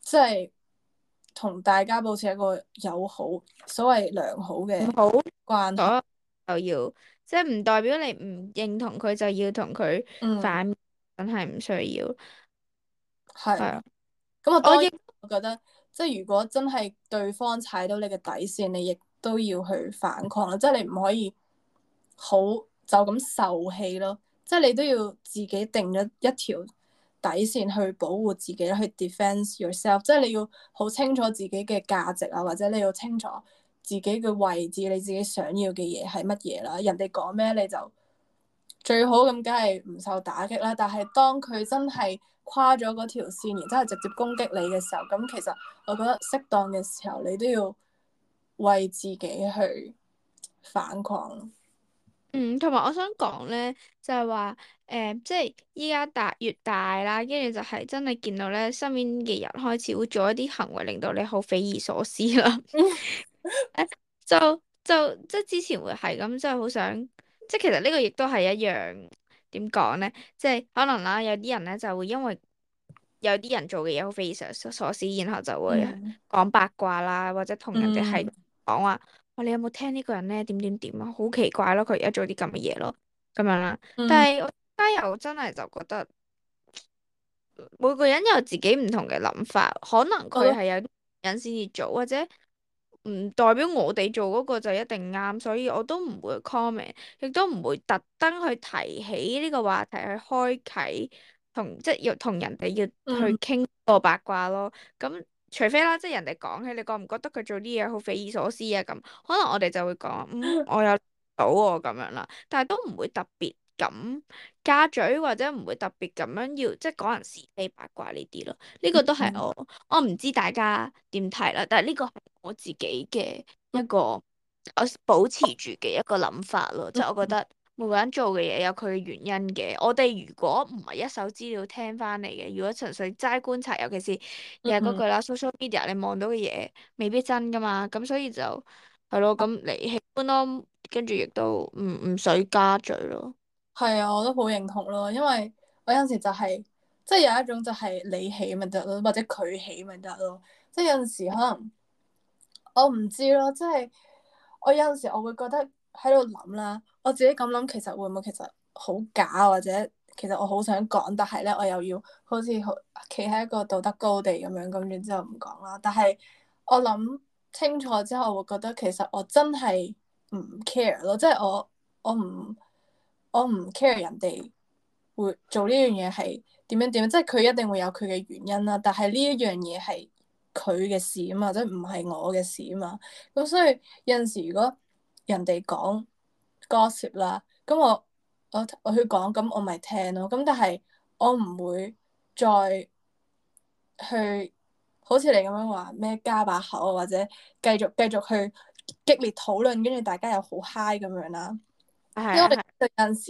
即係同大家保持一個友好，所謂良好嘅好習慣就慌要。即係唔代表你唔認同佢就要同佢反，真係唔需要。係啊。咁我我亦我覺得，即係如果真係對方踩到你嘅底線，你亦都要去反抗啦。即係你唔可以好就咁受氣咯。即係你都要自己定咗一條底線去保護自己，去 defend yourself。即係你要好清楚自己嘅價值啊，或者你要清楚。自己嘅位置，你自己想要嘅嘢係乜嘢啦？人哋講咩你就最好咁，梗係唔受打擊啦。但係當佢真係跨咗嗰條線，然之後直接攻擊你嘅時候，咁其實我覺得適當嘅時候，你都要為自己去反抗。嗯，同埋我想講咧，就係話誒，即係依家大越大啦，跟住就係真係見到咧身邊嘅人開始會做一啲行為，令到你好匪夷所思啦。 誒， 就就即係之前會係咁，即係好想，即係其實呢個亦都係一樣，點講咧，即係、就是、可能啦、啊，有啲人咧就會因為有啲人做嘅嘢好匪夷所思，然後就會講八卦啦，嗯、或者同人哋係講話，哇，你有冇聽呢個人咧點點點啊？好奇怪咯，佢而家做啲咁嘅嘢咯，咁樣啦。但係我又，真係就覺得每個人有自己唔同嘅諗法，可能佢係有隱先至做，嗯、或者。唔代表我哋做嗰個就一定啱，所以我都唔會 comment，亦都唔會特登去提起呢個話題去開啟，同即係要同人哋要去傾個八卦咯。咁、嗯、除非啦，即係人哋講起，你覺唔覺得佢做啲嘢好匪夷所思啊？咁可能我哋就會講，嗯，我有到喎咁樣啦，但係都唔會特別。咁加嘴或者唔會特別咁樣要即係講人是非八卦呢啲咯，呢、這個都係我、嗯、我唔知大家點睇啦。但係呢個係我自己嘅一個、嗯、我保持住嘅一個諗法咯，即係、嗯、我覺得每個人做嘅嘢有佢嘅原因嘅。我哋如果唔係一手資料聽翻嚟嘅，如果純粹齋觀察，尤其是又係嗰句啦，social media 你望到嘅嘢未必真噶嘛。咁所以就係咯，咁你喜歡咯，跟住亦都唔唔使加嘴咯。係啊，我都好認同咯，因為我有陣時就係，即係有一種就係你起咪得咯，或者佢起咪得咯，即係有陣時可能我唔知咯，即係我有陣時我會覺得喺度諗啦，我自己咁諗其實會唔會其實好假，或者其實我好想講，但係咧我又要好似好企喺一個道德高地咁樣，咁然之後唔講啦。但係我諗清楚之後，會覺得其實我真係唔 care 咯，即係我我唔。我唔 care 人哋會做呢樣嘢係點樣點樣，即係佢一定會有佢嘅原因啦。但係呢一樣嘢係佢嘅事啊嘛，或者唔係我嘅事啊嘛。咁所以有陣時如果人哋講 gossip 啦，咁我我我去講，咁我咪聽咯。咁但係我唔會再去好似你咁樣話咩加把口啊，或者繼續繼續去激烈討論，跟住大家又好 high 咁樣啦。因為我哋有陣時，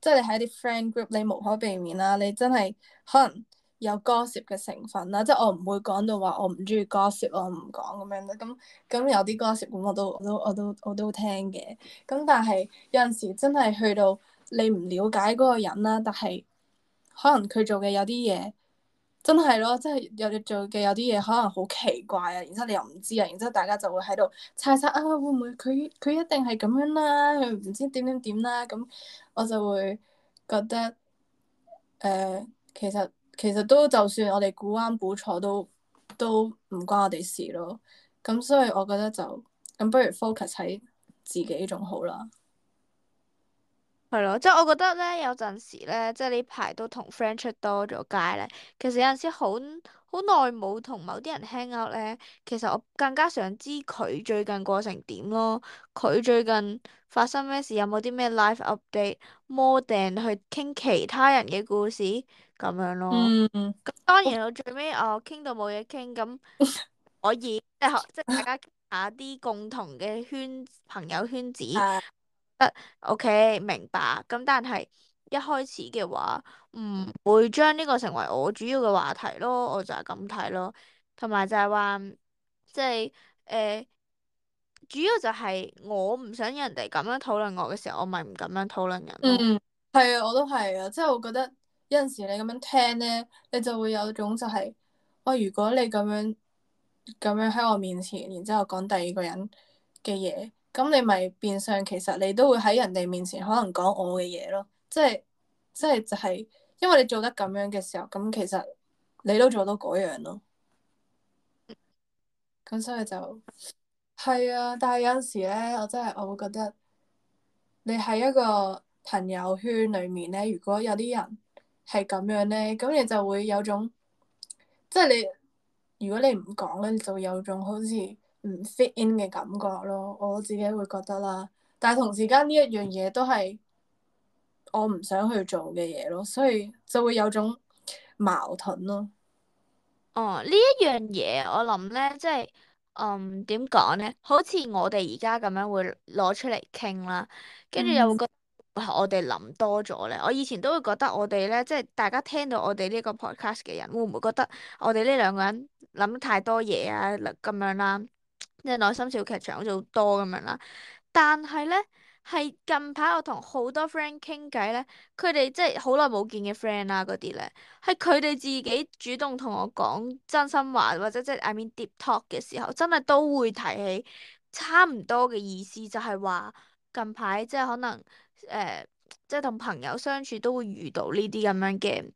即係你喺啲 friend group，你無可避免啦。你真係可能有 gossip 嘅成分啦。即係我唔會講到話我唔中意 gossip，我唔講咁樣咧。咁咁有啲 gossip 咁我都我都我都我都聽嘅。咁但係有陣時真係去到你唔了解嗰個人啦，但係可能佢做嘅有啲嘢。真係咯，即係有你做嘅有啲嘢可能好奇怪啊，然之後你又唔知啊，然之後大家就會喺度猜測啊，會唔會佢，佢一定係咁樣啦？佢唔知點點點啦，咁我就會覺得誒、呃，其實其實都就算我哋估啱估錯都都唔關我哋事咯。咁所以我覺得就咁不如 focus 喺自己仲好啦。係咯， 即係我覺得咧，有陣時咧，即係呢排都同 friend 出多咗街咧。其實有陣時好好耐冇同某啲人 hang out 咧，其實我更加想知佢最近過成點咯。佢最近發生咩事，有冇啲咩 live update？more than 去傾其他人嘅故事咁樣咯。咁、嗯、當然最我最尾我傾到冇嘢傾，咁可以 即係即係大家下啲共同嘅圈朋友圈子。嗯嗯得、uh, OK，明白。咁但係一開始嘅話，唔會將呢個成為我主要嘅話題咯。我就係咁睇咯，同埋就係話即係誒，主要就係我唔想人哋咁樣討論我嘅時候，我咪唔咁樣討論人。嗯，係啊，我都係啊。即係我覺得有陣時你咁樣聽咧，你就會有種就係喂，如果你咁樣咁樣喺我面前，然之後講第二個人嘅嘢。咁你咪變相，其實你都會喺人哋面前可能講我嘅嘢咯，即係即係就係、是，因為你做得咁樣嘅時候，咁其實你都做到嗰樣咯。咁、嗯、所以就係啊，但係有陣時咧，我真係我會覺得你喺一個朋友圈裡面咧，如果有啲人係咁樣咧，咁你就會有種即係你如果你唔講咧，就有種好似。唔 fit in 嘅感覺咯，我自己會覺得啦。但係同時間呢一樣嘢都係我唔想去做嘅嘢咯，所以就會有種矛盾咯。哦，呢一樣嘢我諗咧，即係嗯點講咧，好似我哋而家咁樣會攞出嚟傾啦，跟住又會覺得我哋諗多咗咧。嗯、我以前都會覺得我哋咧，即係大家聽到我哋呢個 podcast 嘅人會唔會覺得我哋呢兩個人諗太多嘢啊咁樣啦、啊？即係內心小劇場好似好多咁樣啦，但係咧係近排我同好多 friend 傾偈咧，佢哋即係好耐冇見嘅 friend 啦。嗰啲咧，係佢哋自己主動同我講真心話或者即係 I mean deep talk 嘅時候，真係都會提起差唔多嘅意思，就係、係、話近排即係可能誒、呃、即係同朋友相處都會遇到呢啲咁樣嘅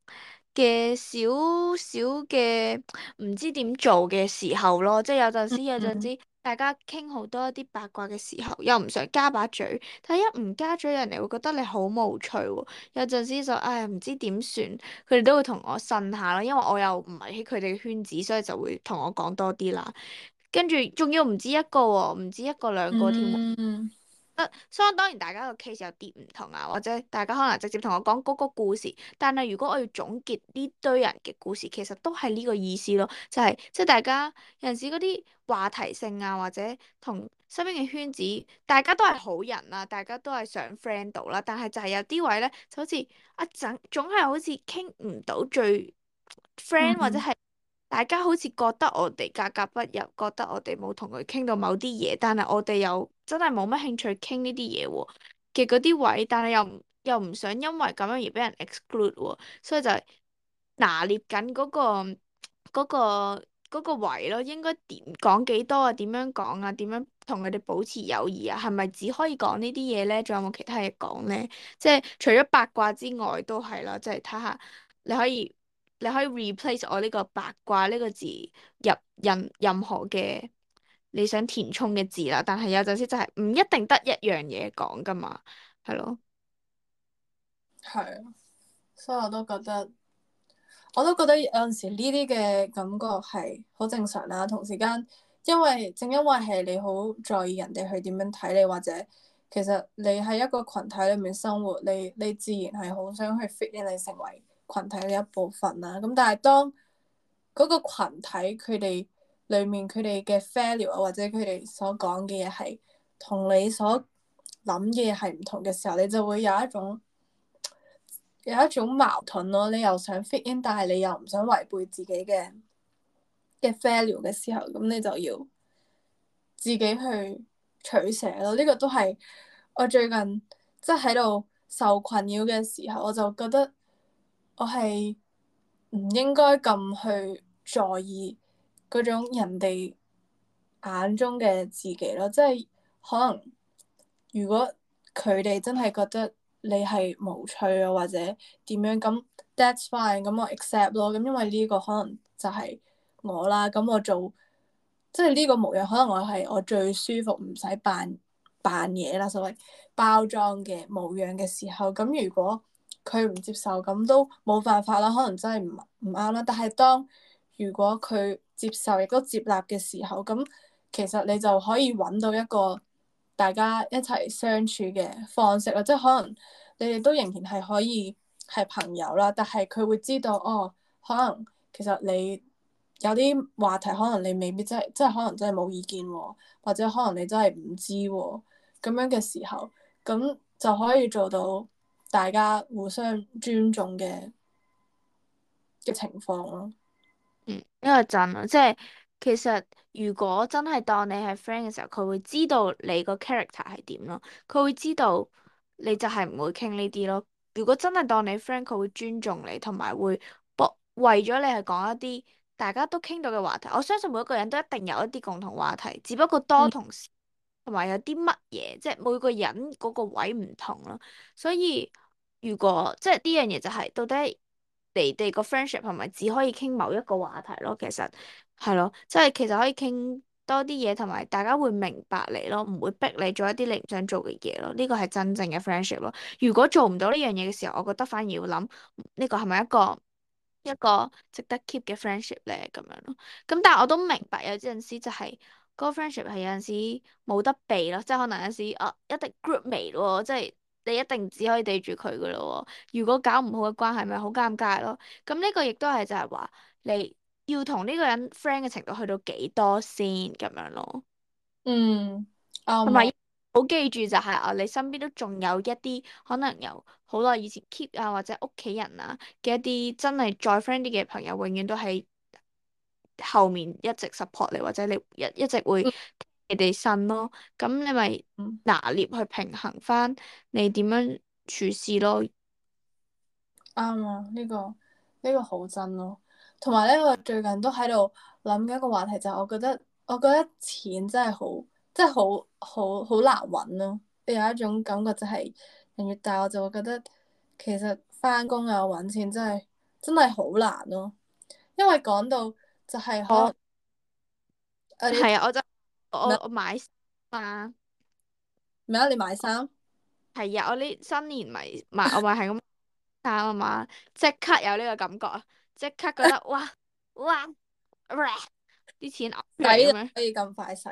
嘅少少嘅唔知點做嘅時候咯，即係有陣時有陣時。嗯嗯大家傾好多一啲八卦嘅時候，又唔想加把嘴，但一唔加嘴，人哋會覺得你好無趣喎、哦。有陣時就唉，唔知點算，佢哋都會同我呻下咯，因為我又唔係喺佢哋嘅圈子，所以就會同我講多啲啦。跟住仲要唔止一個喎、哦，唔止一個兩個添。嗯所以、uh, so, 當然大家個 case 有啲唔同啊，或者大家可能直接同我講嗰個故事，但係如果我要總結呢堆人嘅故事，其實都係呢個意思咯，就係、是、即係大家有陣時嗰啲話題性啊，或者同身邊嘅圈子，大家都係好人啊，大家都係想 friend 到啦、啊，但係就係有啲位咧，就好似一陣總係好似傾唔到最 friend、mm hmm. 或者係大家好似覺得我哋格格不入，覺得我哋冇同佢傾到某啲嘢，但係我哋又～真係冇乜興趣傾呢啲嘢喎嘅嗰啲位，但係又唔又唔想因為咁樣而俾人 exclude 喎，所以就拿捏緊嗰個嗰個嗰個位咯。應該點講幾多啊？點樣講啊？點樣同佢哋保持友誼啊？係咪只可以講呢啲嘢咧？仲有冇其他嘢講咧？即係除咗八卦之外都係啦，即係睇下你可以你可以 replace 我呢個八卦呢個字入任任何嘅。你想填充嘅字啦，但係有陣時就係唔一定得一樣嘢講噶嘛，係咯。係，所以我都覺得，我都覺得有陣時呢啲嘅感覺係好正常啦。同時間，因為正因為係你好在意人哋去點樣睇你，或者其實你喺一個群體裏面生活，你你自然係好想去 fit 你成為群體嘅一部分啦。咁但係當嗰個群體佢哋裏面佢哋嘅 failure 啊，或者佢哋所講嘅嘢係同你所諗嘅嘢係唔同嘅時候，你就會有一種有一種矛盾咯。你又想 fit in，但係你又唔想違背自己嘅嘅 failure 嘅時候，咁你就要自己去取捨咯。呢個都係我最近即係喺度受困擾嘅時候，我就覺得我係唔應該咁去在意嗰種人哋眼中嘅自己咯，即係可能如果佢哋真係覺得你係無趣啊，或者點樣咁，that's fine，咁我 accept 咯。咁因為呢個可能就係我啦，咁我做即係呢個模樣，可能我係我最舒服，唔使扮扮嘢啦，所謂包裝嘅模樣嘅時候。咁如果佢唔接受，咁都冇辦法啦，可能真係唔唔啱啦。但係當如果佢接受亦都接納嘅時候，咁其實你就可以揾到一個大家一齊相處嘅方式啦。即係可能你哋都仍然係可以係朋友啦，但係佢會知道哦，可能其實你有啲話題，可能你未必真係，即係可能真係冇意見，或者可能你真係唔知，咁樣嘅時候，咁就可以做到大家互相尊重嘅嘅情況咯。嗯，因為真咯，即係其實如果真係當你係 friend 嘅時候，佢會知道你個 character 係點咯，佢會知道你就係唔會傾呢啲咯。如果真係當你 friend，佢會尊重你，同埋會博為咗你係講一啲大家都傾到嘅話題。我相信每一個人都一定有一啲共同話題，只不過多同事，同埋有啲乜嘢，即係每個人嗰個位唔同咯。所以如果即係呢樣嘢就係、是、到底？你哋個 friendship 係咪只可以傾某一個話題咯？其實係咯，即係其實可以傾多啲嘢，同埋大家會明白你咯，唔會逼你做一啲你唔想做嘅嘢咯。呢個係真正嘅 friendship 咯。如果做唔到呢樣嘢嘅時候，我覺得反而要諗呢個係咪一個一個值得 keep 嘅 friendship 咧，咁樣咯。咁但係我都明白有陣時就係嗰個 friendship 係有陣時冇得避咯，即係可能有陣時啊一定 group mate 喎，即係。你一定只可以對住佢㗎咯喎，如果搞唔好嘅關係咪好尷尬咯。咁呢個亦都係就係話你要同呢個人 friend 嘅程度去到幾多先咁樣咯。嗯，同埋好記住就係、是、啊，你身邊都仲有一啲可能由好耐以前 keep 啊或者屋企人啊嘅一啲真係再 friend 啲嘅朋友，永遠都喺後面一直 support 你或者你一一直會。你哋信咯，咁你咪拿捏去平衡翻你點樣處事咯。啱啊，嗯，這個這個哦、呢個呢個好真咯。同埋呢我最近都喺度諗緊一個話題，就我覺得，我覺得錢真係好，真係好好好難揾咯，啊。你有一種感覺就係人越大，我就會覺得其實翻工又揾錢真係真係好難咯，啊。因為講到就係我係啊，我就。我我買衫，咩啊？你買衫？係啊，我呢新年咪 買，咪係咁衫啊嘛，即刻有呢個感覺，覺、OK、弟弟啊，即刻覺得哇哇，啲錢可以咁快使，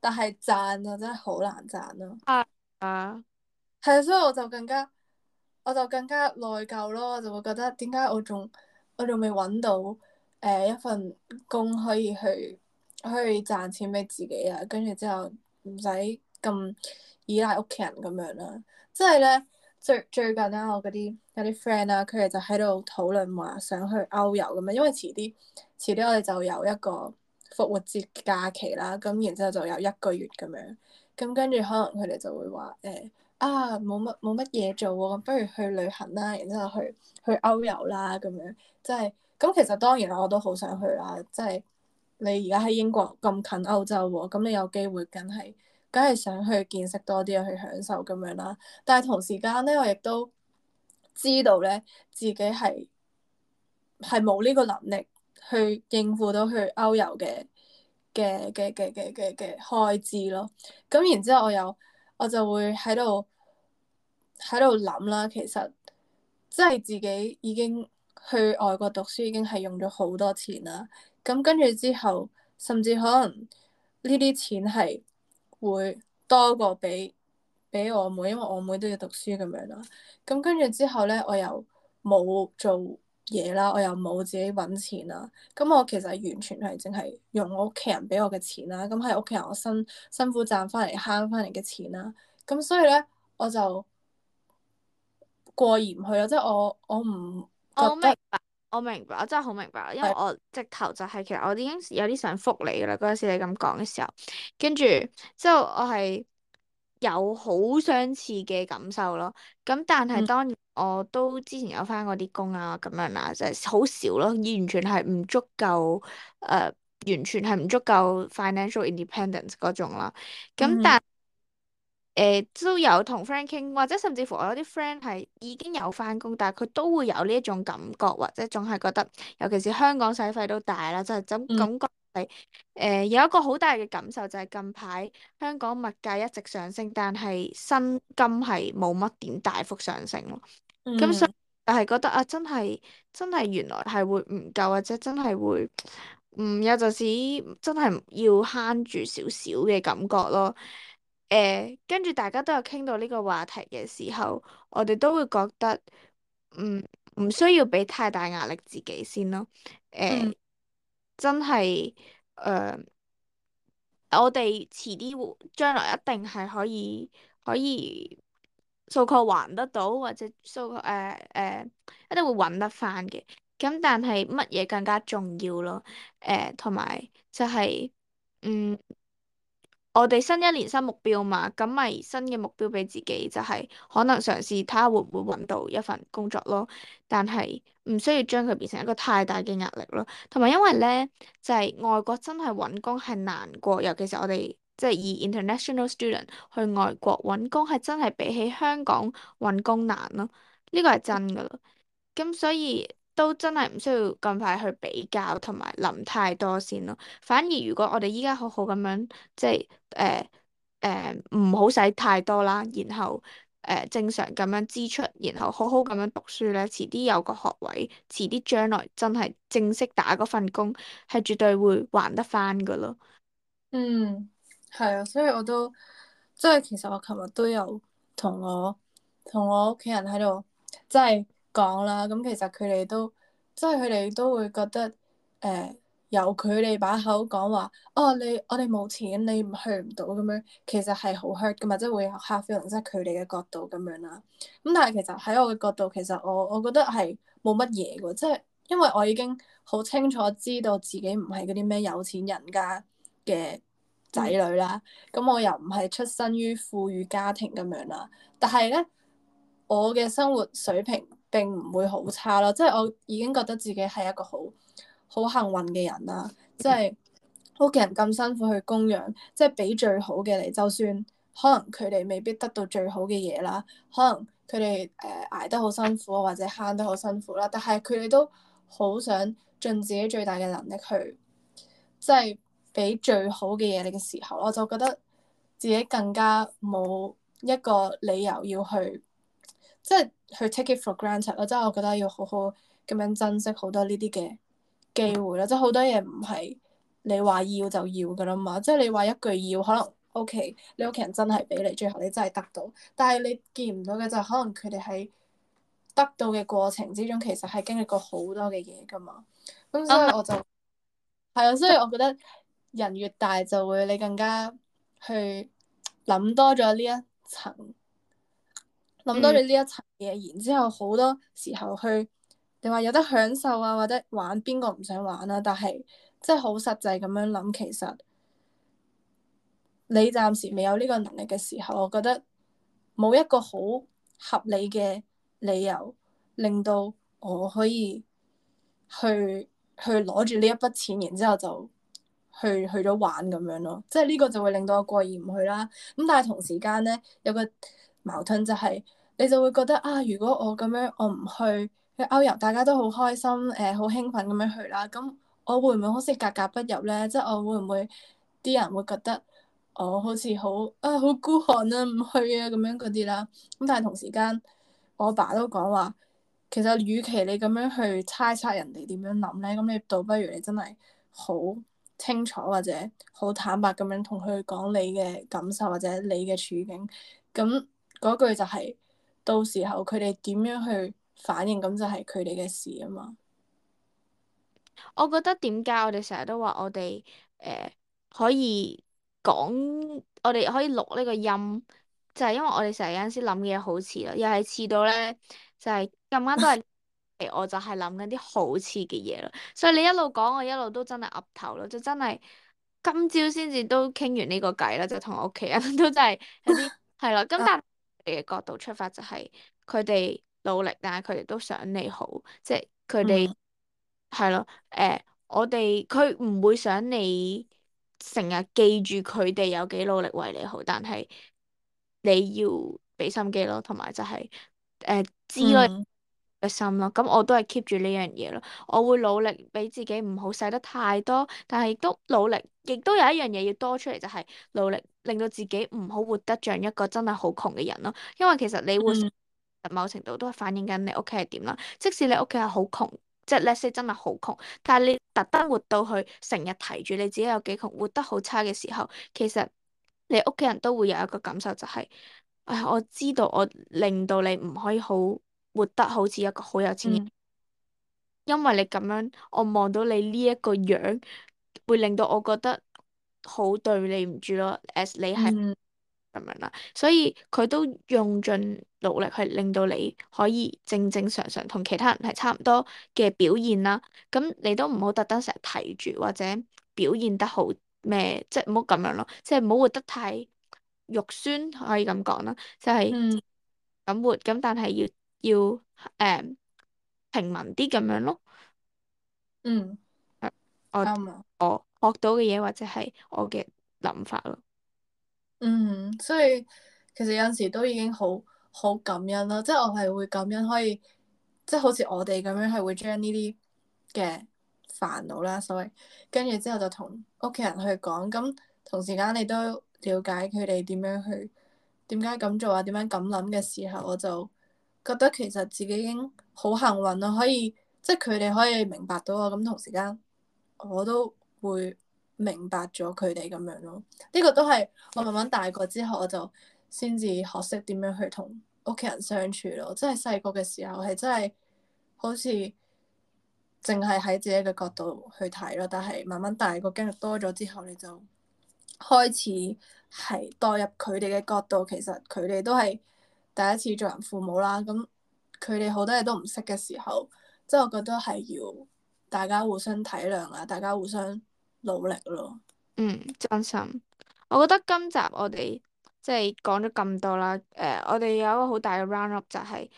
但係賺啊，真係好難賺咯。啊啊，係啊，所以我就更加，我就更加內疚咯，我就會覺得點解我仲我仲未搵到誒、呃、一份工可以去。去賺錢俾自己，就是，啊，跟住之後唔使咁依賴屋企人咁樣啦。即係咧最最近咧，我嗰啲有啲 friend 啦，佢哋就喺度討論話想去歐遊咁樣，因為遲啲遲啲我哋就有一個復活節假期啦，咁然之後就有一個月咁樣，咁跟住可能佢哋就會話誒、欸、啊冇乜冇乜嘢做，哦，不如去旅行去去啦，然之後去去歐遊啦咁樣，即係咁其實當然啦，我都好想去啦，即、就、係、是。你而家喺英國咁近歐洲喎，咁你有機會梗係梗係想去見識多啲啊，去享受咁樣啦。但係同時間咧，我亦都知道咧，自己係係冇呢個能力去應付到去歐遊嘅嘅嘅嘅嘅嘅嘅開支咯。咁然之後，我又，我就會喺度喺度諗啦。其實即係自己已經去外國讀書，已經係用咗好多錢啦。咁跟住之後，甚至可能呢啲錢係會多過俾俾我妹，因為我妹都要讀書咁樣啦。咁跟住之後咧，我又冇做嘢啦，我又冇自己揾錢啦。咁我其實完全係淨係用我屋企人俾我嘅錢啦。咁係屋企人我辛辛苦賺翻嚟、慳翻嚟嘅錢啦。咁所以咧，我就過意唔去啦。即係我我唔覺得。我明白，我真係好明白，因為我直頭就係、是、其實我已經有啲想覆你㗎喇，嗰陣時你咁講嘅時候，跟住之後我係有好相似嘅感受咯。咁但係當然我都之前有返過啲工啊咁樣啦、啊，即係好少咯，完全係唔足夠，誒、呃、完全係唔足夠 financial independence 嗰種啦。咁但、mm hmm. 誒都有同 friend 傾，或者甚至乎我有啲 friend 係已經有返工，但係佢都會有呢一種感覺，或者仲係覺得，尤其是香港使費都大啦，就係、是、咁感覺係誒、嗯呃、有一個好大嘅感受，就係、是、近排香港物價一直上升，但係薪金係冇乜點大幅上升咯。咁、嗯、所以係覺得啊，真係真係原來係會唔夠或者真係會唔、嗯、有陣、就、時、是、真係要慳住少少嘅感覺咯。誒，跟住、uh, 大家都有傾到呢個話題嘅時候，我哋都會覺得，唔、嗯、唔需要俾太大壓力自己先咯。誒、uh, mm.，真係誒，我哋遲啲會將來一定係可以可以，可以數確還得到或者數確誒、uh, uh, 一定會揾得翻嘅。咁但係乜嘢更加重要咯？誒，同埋就係、是，嗯。我哋新一年新目標嘛，咁咪新嘅目標俾自己就係可能嘗試睇下會唔會揾到一份工作咯，但係唔需要將佢變成一個太大嘅壓力咯。同埋因為咧，就係外國真係揾工係難過，尤其是我哋即係以 international student 去外國揾工，係真係比起香港揾工難咯。呢個係真㗎啦，咁所以。都真係唔需要咁快去比較同埋諗太多先咯。反而如果我哋依家好好咁樣，即係誒誒唔好使太多啦，然後誒、呃、正常咁樣支出，然後好好咁樣讀書咧，遲啲有個學位，遲啲將來真係正式打嗰份工，係絕對會還得返㗎咯。嗯，係啊，所以我都即係、就是、其實我琴日都有同我同我屋企人喺度，即係。講啦，咁其實佢哋都即係佢哋都會覺得誒、呃、由佢哋把口講話哦，你我哋冇錢，你唔去唔到咁樣，其實係好 hurt 㗎嘛，即係會有 hard feeling，即係佢哋嘅角度咁樣啦。咁但係其實喺我嘅角度，其實我我覺得係冇乜嘢嘅，即係因為我已經好清楚知道自己唔係嗰啲咩有錢人家嘅仔女啦，咁、嗯、我又唔係出身於富裕家庭咁樣啦。但係咧，我嘅生活水平，並唔會好差咯，即係我已經覺得自己係一個好好幸運嘅人啦。即係屋企人咁辛苦去供養，即係俾最好嘅你。就算可能佢哋未必得到最好嘅嘢啦，可能佢哋誒捱得好辛苦或者慳得好辛苦啦，但係佢哋都好想盡自己最大嘅能力去，即係俾最好嘅嘢你嘅時候，我就覺得自己更加冇一個理由要去，即係去 take it for granted 咯，即係我覺得要好好咁樣珍惜好多呢啲嘅機會啦。即係好多嘢唔係你話要就要噶啦嘛。即係你話一句要，可能 OK，你屋企人真係俾你，最後你真係得到。但係你見唔到嘅就係可能佢哋喺得到嘅過程之中，其實係經歷過好多嘅嘢噶嘛。咁所以我就係啊、uh huh.，所以我覺得人越大就會你更加去諗多咗呢一層。諗到你呢一層嘢，然之後好多時候去，你話有得享受啊，或者玩，邊個唔想玩啊？但係即係好實際咁樣諗，其實你暫時未有呢個能力嘅時候，我覺得冇一個好合理嘅理由令到我可以去去攞住呢一筆錢，然之後就去去咗玩咁樣咯。即係呢個就會令到我過意唔去啦。咁但係同時間咧，有個矛盾就係、是。你就會覺得啊，如果我咁樣，我唔去去歐遊，大家都好開心，誒，好興奮咁樣去啦。咁我會唔會好似格格不入咧？即係我會唔會啲人會覺得我好似好啊，好孤寒啊，唔去啊咁樣嗰啲啦？咁但係同時間，我爸都講話，其實與其你咁樣去猜測人哋點樣諗咧，咁你倒不如你真係好清楚或者好坦白咁樣同佢講你嘅感受或者你嘅處境。咁嗰句就係。到時候佢哋點樣去反應，咁就係佢哋嘅事啊嘛。我覺得點解我哋成日都話我哋誒、呃、可以講，我哋可以錄呢個音，就係、是、因為我哋成日有陣時諗嘢好遲咯，又係遲到咧，就係咁啱都係， 我就係諗緊啲好遲嘅嘢咯。所以你一路講，我一路都真係噏頭咯，就真係今朝先至都傾完呢個偈啦，就同、是、我屋企人都真、就、係、是、有啲係啦。咁但 嘅角度出發就係佢哋努力，但係佢哋都想你好，即係佢哋係咯。誒、嗯呃，我哋佢唔會想你成日記住佢哋有幾努力為你好，但係你要俾心機咯，同埋就係、是、誒、呃、知。嗯嘅心咯，咁我都係 keep 住呢樣嘢咯。我會努力俾自己唔好使得太多，但係亦都努力，亦都有一樣嘢要多出嚟，就係、是、努力令到自己唔好活得像一個真係好窮嘅人咯。因為其實你會、嗯、某程度都係反映緊你屋企係點啦。即使你屋企係好窮，即係 less 真係好窮，但係你特登活到去成日提住你自己有幾窮，活得好差嘅時候，其實你屋企人都會有一個感受，就係、是，唉，我知道我令到你唔可以好。活得好似一個好有錢人，嗯、因為你咁樣，我望到你呢一個樣，會令到我覺得好對你唔住咯。As、嗯、你係咁樣啦，所以佢都用盡努力去令到你可以正正常常同其他人係差唔多嘅表現啦。咁你都唔好特登成日睇住或者表現得好咩，即係唔好咁樣咯，即係唔好活得太肉酸，可以咁講啦，就係、是、咁活，咁、嗯、但係要。要誒、um, 平民啲咁樣咯，嗯，我啱啊我學到嘅嘢或者係我嘅諗法咯。嗯，所以其實有陣時都已經好好感恩啦，即係我係會感恩可以，即係好似我哋咁樣係會將呢啲嘅煩惱啦，所謂跟住之後就同屋企人去講，咁同時間你都了解佢哋點樣去點解咁做啊，點樣咁諗嘅時候，我就。覺得其實自己已經好幸運咯，可以即係佢哋可以明白到我，咁同時間我都會明白咗佢哋咁樣咯。呢個都係我慢慢大個之後，我就先至學識點樣去同屋企人相處咯。即係細個嘅時候，係真係好似淨係喺自己嘅角度去睇咯。但係慢慢大個經歷多咗之後，你就開始係代入佢哋嘅角度，其實佢哋都係。第一次做人父母啦，咁佢哋好多嘢都唔識嘅時候，即係我覺得係要大家互相體諒啊，大家互相努力咯。嗯，真心。我覺得今集我哋即係講咗咁多啦，誒、呃，我哋有一個好大嘅 roundup 就係、是、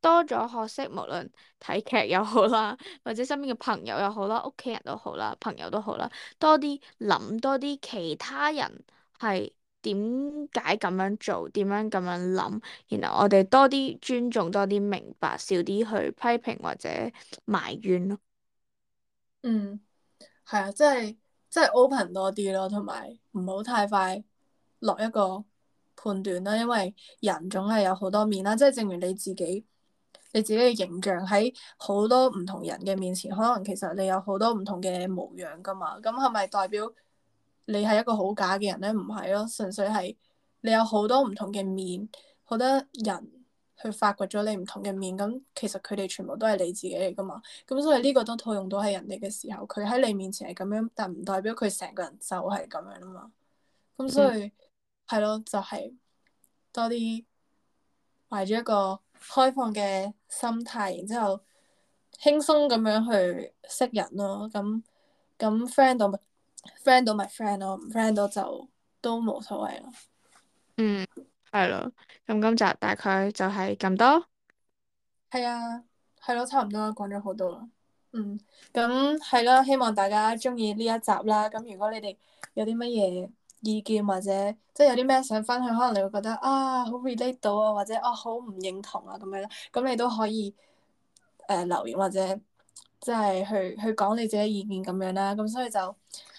多咗學識，無論睇劇又好啦，或者身邊嘅朋友又好啦，屋企人都好啦，朋友都好啦，多啲諗多啲其他人係。點解咁樣做？點樣咁樣諗？然後我哋多啲尊重，多啲明白，少啲去批評或者埋怨咯。嗯，係啊，即係即係 open 多啲咯，同埋唔好太快落一個判斷啦，因為人總係有好多面啦。即係正如你自己你自己嘅形象喺好多唔同人嘅面前，可能其實你有好多唔同嘅模樣噶嘛。咁係咪代表？你係一個好假嘅人咧，唔係咯，純粹係你有好多唔同嘅面，好多人去發掘咗你唔同嘅面，咁其實佢哋全部都係你自己嚟噶嘛。咁所以呢個都套用到喺人哋嘅時候，佢喺你面前係咁樣，但唔代表佢成個人就係咁樣啊嘛。咁所以係、嗯、咯，就係、係、多啲懷住一個開放嘅心態，然之後輕鬆咁樣去識人咯。咁咁 friend 到咪？friend 到咪 friend 咯，唔 friend 到就都冇所謂咯。嗯，係咯，咁今集大概就係咁多。係啊，係咯，差唔多啦，講咗好多啦。嗯，咁係啦，希望大家中意呢一集啦。咁如果你哋有啲乜嘢意見或者即係、就是、有啲咩想分享，可能你會覺得啊好 relate 到啊，或者啊好唔認同啊咁樣咧，咁你都可以誒、呃、留言或者即係、就是、去去講你自己意見咁樣啦。咁所以就。